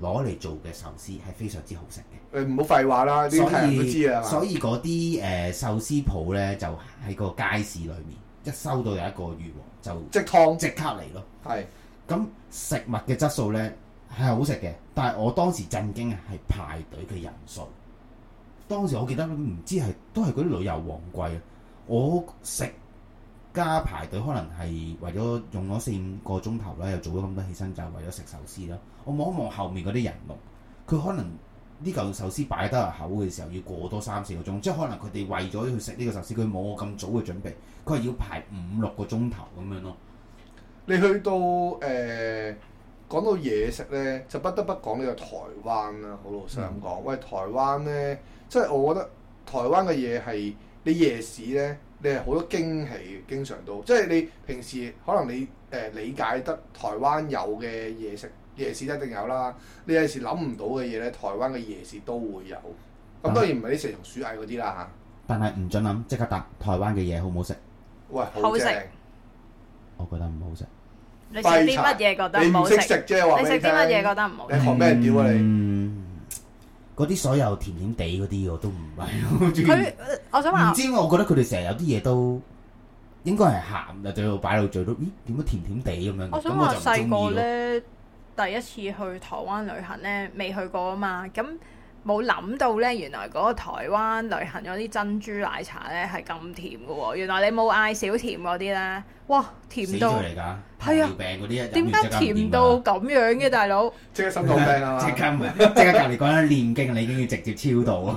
攞嚟做嘅壽司係非常之好食嘅。誒唔好廢話啦，啲客都知啊。所以嗰啲誒壽司鋪呢，就喺個街市裏面，一收到有一個預約就即劏即刻嚟咯。係。咁食物嘅質素呢，係好食嘅，但係我當時震驚嘅係排隊嘅人數。當時我記得唔知係都係嗰啲旅遊旺季啊，我食。加排隊可能係為咗用咗四五個鐘頭啦，又做咗咁多起身就係為咗食壽司啦。我望一望後面嗰啲人咯，佢可能呢嚿壽司擺得入口嘅時候要過多三四個鐘，即係可能佢哋為咗去食呢個壽司，佢冇我咁早嘅準備，佢係要排五六個鐘頭咁樣咯。你去到誒、呃、講到嘢食呢，就不得不講呢個台灣啦，好老實咁講。嗯、喂，台灣呢，即係我覺得台灣嘅嘢係你夜市呢。你係好多驚喜，經常都，即係你平時可能你誒、呃、理解得台灣有嘅嘢食夜市一定有啦，你有時諗唔到嘅嘢咧，台灣嘅夜市都會有。咁當然唔係啲蛇蟲鼠蟻嗰啲啦嚇。但係唔准諗即刻答，台灣嘅嘢好唔好食？喂，好食。好食，我覺得唔好食。茶你食啲乜嘢覺得唔好食？你唔識食啫，你食啲乜嘢覺得唔好，你學咩人屌啊你？嗯嗰啲所有甜甜地嗰啲我都唔係好中意，佢我想話唔知，我覺得佢哋成日有啲嘢都應該係鹹，就擺到嘴都，咦，點解甜甜地咁樣？我想話細個咧，第一次去台灣旅行咧，未去過啊嘛，咁。冇諗到咧，原來嗰個台灣旅行嗰啲珍珠奶茶咧係咁甜嘅喎、哦！原來你冇嗌少甜嗰啲咧，哇，甜到！鹽水嚟糖尿病嗰啲，點解、啊、喝完 甜到咁、啊、樣嘅、啊、大佬？即刻心痛㗎嘛！即刻唔，即刻隔離嗰陣念經，你已經要直接超度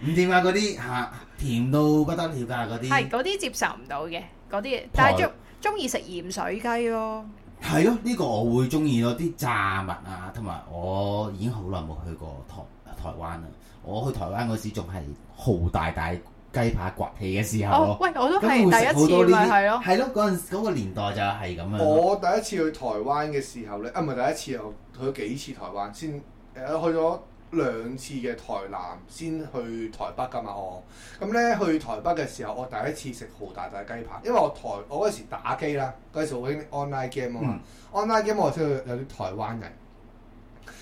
唔掂啊嗰啲嚇，甜到不得了㗎嗰啲，係嗰啲接受唔到嘅嗰啲，但係仲中意食鹽水雞咯、哦。係咯，呢個我會中意咯，啲炸物啊，同埋我已經好耐冇去過台台灣啦。我去台灣嗰時仲係好大大雞扒崛起嘅時候咯、哦。喂，我都係第一次咪係咯，係咯嗰陣時嗰個年代就係咁樣啊。我第一次去台灣嘅時候咧，啊唔係第一次又去咗幾次台灣先誒、呃、去咗。兩次嘅台南先去台北㗎嘛，我咁咧去台北嘅時候，我第一次食豪大大雞排，因為我台我嗰時打機啦，嗰時我興 online game 啊，嗯，online game 我識到有啲台灣人。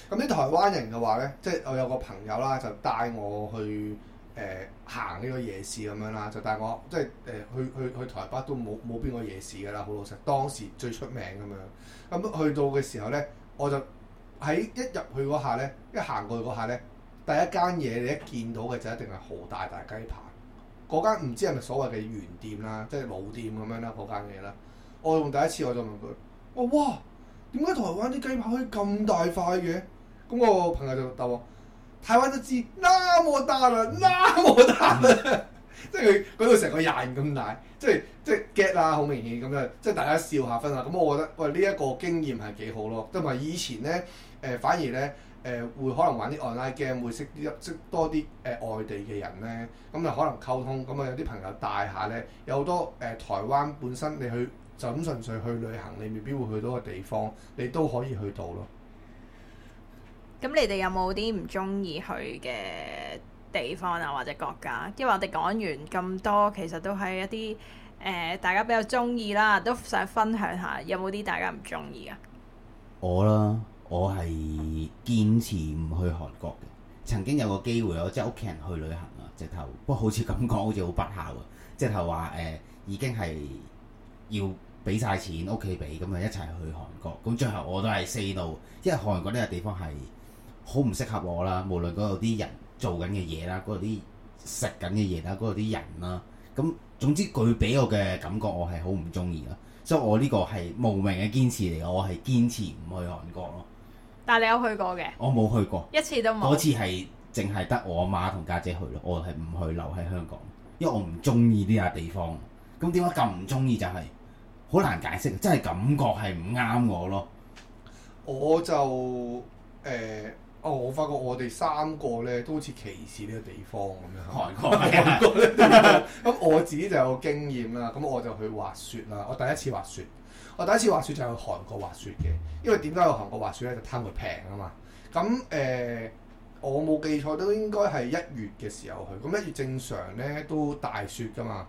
咁啲台灣人嘅話咧，即係我有個朋友啦，就帶我去誒行呢個夜市咁樣啦，就帶我即係誒去去去台北都冇冇邊個夜市㗎啦，好老實。當時最出名咁樣，咁去到嘅時候咧，我就。喺一入去嗰下咧，一行過去嗰下咧，第一間嘢你一見到嘅就一定係好大大雞排。嗰間唔知係咪所謂嘅原店啦，即係老店咁樣啦，嗰間嘢啦。我用第一次，我就問佢：我哇，點解台灣啲雞排可以咁大塊嘅？咁我個朋友就答我：台灣都知，那麼大啦，那麼大啦，即係佢嗰度成個人咁大，即係即係 get 啦，好明顯咁嘅，即係大家笑下分下。咁我覺得喂呢一個經驗係幾好咯，同埋以前咧。誒反而咧，誒、呃、會可能玩啲 online game，會識啲識多啲誒、呃、外地嘅人咧，咁、嗯、就可能溝通。咁、嗯、啊，有啲朋友帶下咧，有好多誒、呃、台灣本身你去就咁純粹去旅行，你未必會去到個地方，你都可以去到咯。咁你哋有冇啲唔中意去嘅地方啊，或者國家？因為我哋講完咁多，其實都係一啲誒、呃、大家比較中意啦，都想分享下。有冇啲大家唔中意啊？我啦。我係堅持唔去韓國嘅。曾經有個機會，我即係屋企人去旅行啊，直頭不過好似感覺，好似好不孝啊。直頭話誒，已經係要俾晒錢屋企俾，咁啊一齊去韓國。咁最後我都係四路，因為韓國呢個地方係好唔適合我啦。無論嗰度啲人做緊嘅嘢啦，嗰度啲食緊嘅嘢啦，嗰度啲人啦，咁總之佢俾我嘅感覺，我係好唔中意咯。所以我呢個係無名嘅堅持嚟，我係堅持唔去韓國咯。但你有去過嘅，我冇去過，一次都冇。嗰次係淨係得我阿媽同家姐去咯，我係唔去，留喺香港，因為我唔中意呢個地方。咁點解咁唔中意就係、是、好難解釋，真係感覺係唔啱我咯。我就誒，啊、呃，我發覺我哋三個咧都好似歧視呢個地方咁樣，韓國、韓國 我自己就有經驗啦，咁我就去滑雪啦。我第一次滑雪，我第一次滑雪就去韓國滑雪嘅。因為點解去韓國滑雪咧？就貪佢平啊嘛。咁誒、呃，我冇記錯都應該係一月嘅時候去。咁一月正常咧都大雪噶嘛。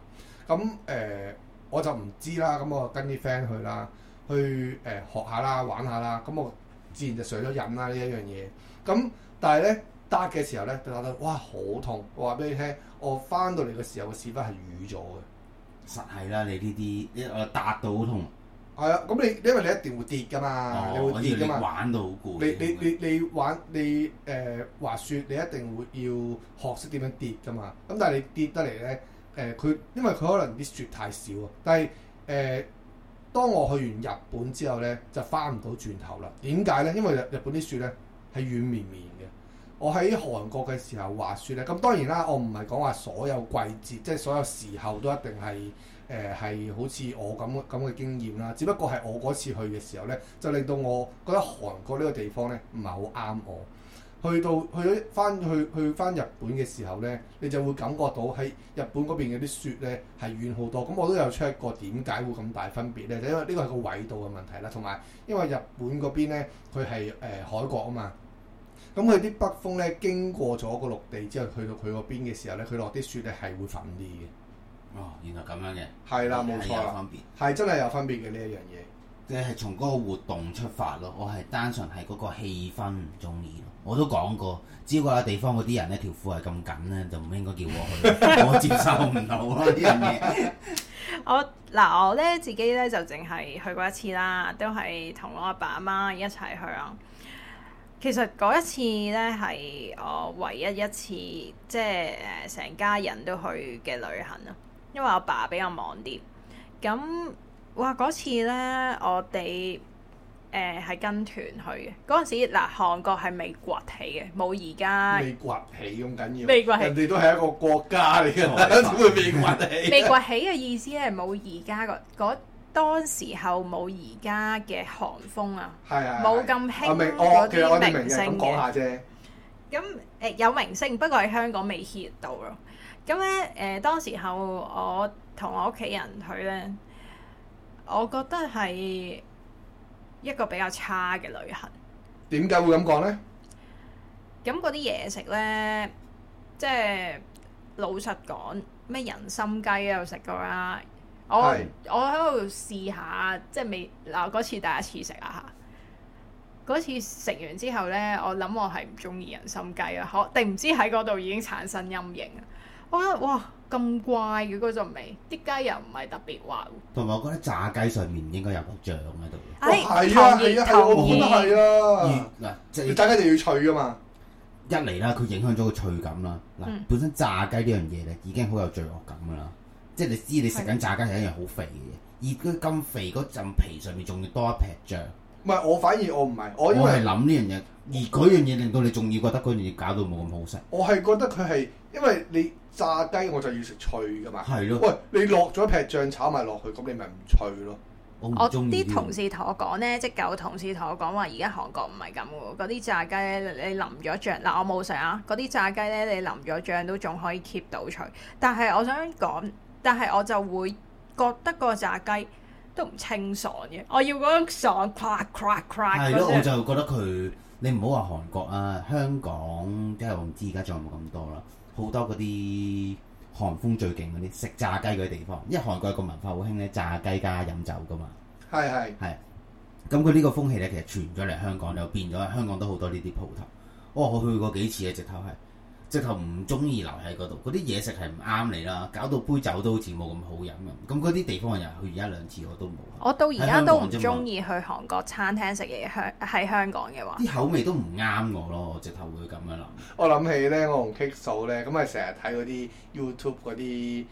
咁誒、呃，我就唔知啦。咁我就跟啲 friend 去啦，去誒、呃、學下啦，玩下啦。咁我自然就上咗癮啦呢一樣嘢。咁但係咧，搭嘅時候咧，就覺得：「哇，好痛」。我話俾你聽。我翻到嚟嘅時候，個屎忽係瘀咗嘅。實係啦，你呢啲，因為我打到好痛。係啊，咁你因為你一定會跌㗎嘛，哦、你會跌㗎嘛。玩到好攰。你你你你玩你誒滑雪，呃、你一定會要學識點樣跌㗎嘛。咁但係你跌得嚟咧，誒、呃、佢因為佢可能啲雪太少啊。但係誒、呃，當我去完日本之後咧，就翻唔到轉頭啦。點解咧？因為日日本啲雪咧係軟綿綿。我喺韓國嘅時候滑雪咧，咁當然啦，我唔係講話所有季節，即係所有時候都一定係誒係好似我咁咁嘅經驗啦。只不過係我嗰次去嘅時候咧，就令到我覺得韓國呢個地方咧唔係好啱我。去到去咗翻去去翻日本嘅時候咧，你就會感覺到喺日本嗰邊嘅啲雪咧係軟好多。咁我都有 check 過點解會咁大分別咧，就因為呢個係個緯度嘅問題啦，同埋因為日本嗰邊咧佢係誒海國啊嘛。咁佢啲北風咧，經過咗個陸地之後，去到佢嗰邊嘅時候咧，佢落啲雪咧係會粉啲嘅。哦，原來咁樣嘅。係啦的，冇錯。係真係有分別。係真係有分別嘅呢一樣嘢。即係從嗰個活動出發咯，我係單純係嗰個氣氛唔中意。我都講過，只要個地方嗰啲人咧條褲係咁緊咧，就唔應該叫我去， 我接受唔到呢樣嘢。我嗱我咧自己咧就淨係去過一次啦，都係同我阿爸阿媽一齊去啊。其實嗰一次呢，係我唯一一次即係誒成家人都去嘅旅行咯，因為我爸比較忙啲。咁話嗰次呢，我哋誒係跟團去嘅。嗰陣時嗱、呃，韓國係未崛起嘅，冇而家未崛起咁緊要。未崛起，人哋都係一個國家嚟嘅，點會未崛起？未崛起嘅意思係冇而家個當時候冇而家嘅韓風啊，係啊，冇咁興嗰啲明星啫。咁誒有明星，不過喺香港未 hit 到咯。咁咧誒，當時候我同我屋企人去咧，我覺得係一個比較差嘅旅行。點解會咁講咧？咁嗰啲嘢食咧，即係老實講，咩人參雞有食過啦。我我喺度試下，即係未嗱嗰次第一次食啊，嗰次食完之後咧，我諗我係唔中意人參雞啦，嗬？定唔知喺嗰度已經產生陰影啊？我覺得哇，咁怪嘅嗰種味，啲雞又唔係特別滑。同埋，我覺得炸雞上面唔應該有個醬喺度。係、哦、啊，係意意啊，係啊，係啦。嗱，炸雞就要脆噶嘛，一嚟啦，佢影響咗個脆感啦。嗱，本身炸雞呢樣嘢咧，已經好有罪惡感噶啦。即係你知，你食緊炸雞係一樣好肥嘅的，而佢咁肥嗰陣，皮上面仲要多一劈醬。唔係，我反而我唔係，我因為諗呢樣嘢，而嗰樣嘢令到你仲要，你要得覺得嗰樣嘢搞到冇咁好食。我係覺得佢係因為你炸雞我就要食脆㗎嘛。係咯的，喂，你落咗一劈醬炒埋落去，咁你咪唔脆咯。我啲同事同我講，同我講我有呢，即係舊同事同我講話，而家韓國唔係咁嘅，嗰啲炸雞你淋咗醬，嗱我冇食啊，嗰啲炸雞咧你淋咗醬都仲可以 keep 到脆。但係我想講。但係我就會覺得個炸雞都唔清爽嘅，我要嗰種爽，crack crack crack。係咯， 我就覺得佢，你唔好話韓國啊，香港即係我唔知而家仲有冇咁多啦，好多嗰啲韓風最勁嗰啲食炸雞嗰啲地方，因為韓國個文化好興咧，炸雞加飲酒噶嘛。係係係。咁佢呢個風氣咧，其實傳咗嚟香港又變咗，香港都好多呢啲鋪頭。我、哦、我去過幾次啊，直頭係。直頭唔中意留喺嗰度，嗰啲嘢食係唔啱你啦，搞到杯酒都好似冇咁好飲。咁嗰啲地方又去一,一兩次我都冇。我到而家都唔中意去韓國餐廳食嘢，香喺香港嘅話，啲口味都唔啱我咯。我直頭會咁樣諗。我諗起呢，我同 Kick 嫂呢，咁咪成日睇嗰啲 YouTube 嗰啲。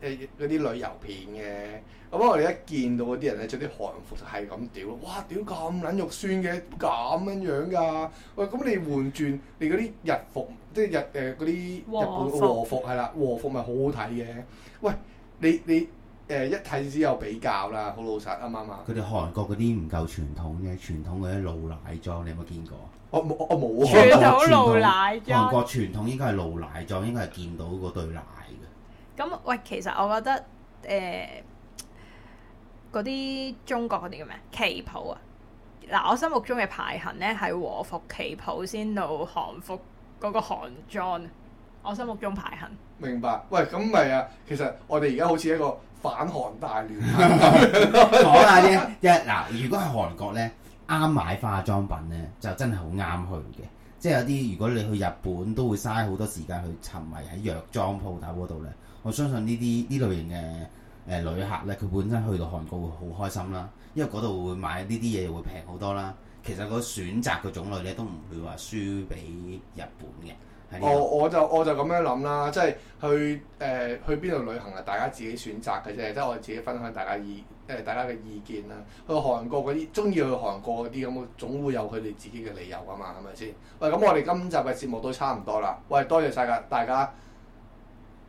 誒嗰啲旅遊片嘅，咁、嗯、我哋一見到嗰啲人咧着啲韓服就係咁屌咯，哇屌咁撚肉酸嘅，咁樣樣、啊、噶，喂咁你換轉你嗰啲日服，即係日誒啲、呃、日本嘅和服係啦，和服咪好好睇嘅，喂你你誒、呃、一睇先有比較啦，好老實啱唔啱？佢哋韓國嗰啲唔夠傳統嘅，傳統嗰啲露奶裝你有冇見過？我冇我冇啊！啊啊啊韓國傳統韓國傳統應該係露奶裝，應該係見到嗰對奶。咁喂，其實我覺得誒嗰啲中國嗰啲叫咩旗袍啊？嗱、啊，我心目中嘅排行咧係和服旗袍先到韓服嗰個韓裝，我心目中排行。明白？喂，咁咪啊，其實我哋而家好似一個反韓大亂， 講下先一嗱。如果係韓國咧，啱買化妝品咧，就真係好啱去嘅。即係有啲如果你去日本都會嘥好多時間去沉迷喺藥妝鋪頭嗰度咧。我相信呢啲呢類型嘅誒旅客咧，佢本身去到韓國會好開心啦，因為嗰度會買呢啲嘢會平好多啦。其實個選擇嘅種類咧都唔會話輸俾日本嘅，這個 oh。我我就我就咁樣諗啦，即、就、係、是、去誒、呃、去邊度旅行啊？大家自己選擇嘅啫，都、就、係、是、自己分享大家意誒、呃、大家嘅意見啦、啊。去韓國嗰啲中意去韓國嗰啲咁，我總會有佢哋自己嘅理由啊嘛，係咪先？喂，咁我哋今集嘅節目都差唔多啦。喂，多謝晒噶大家。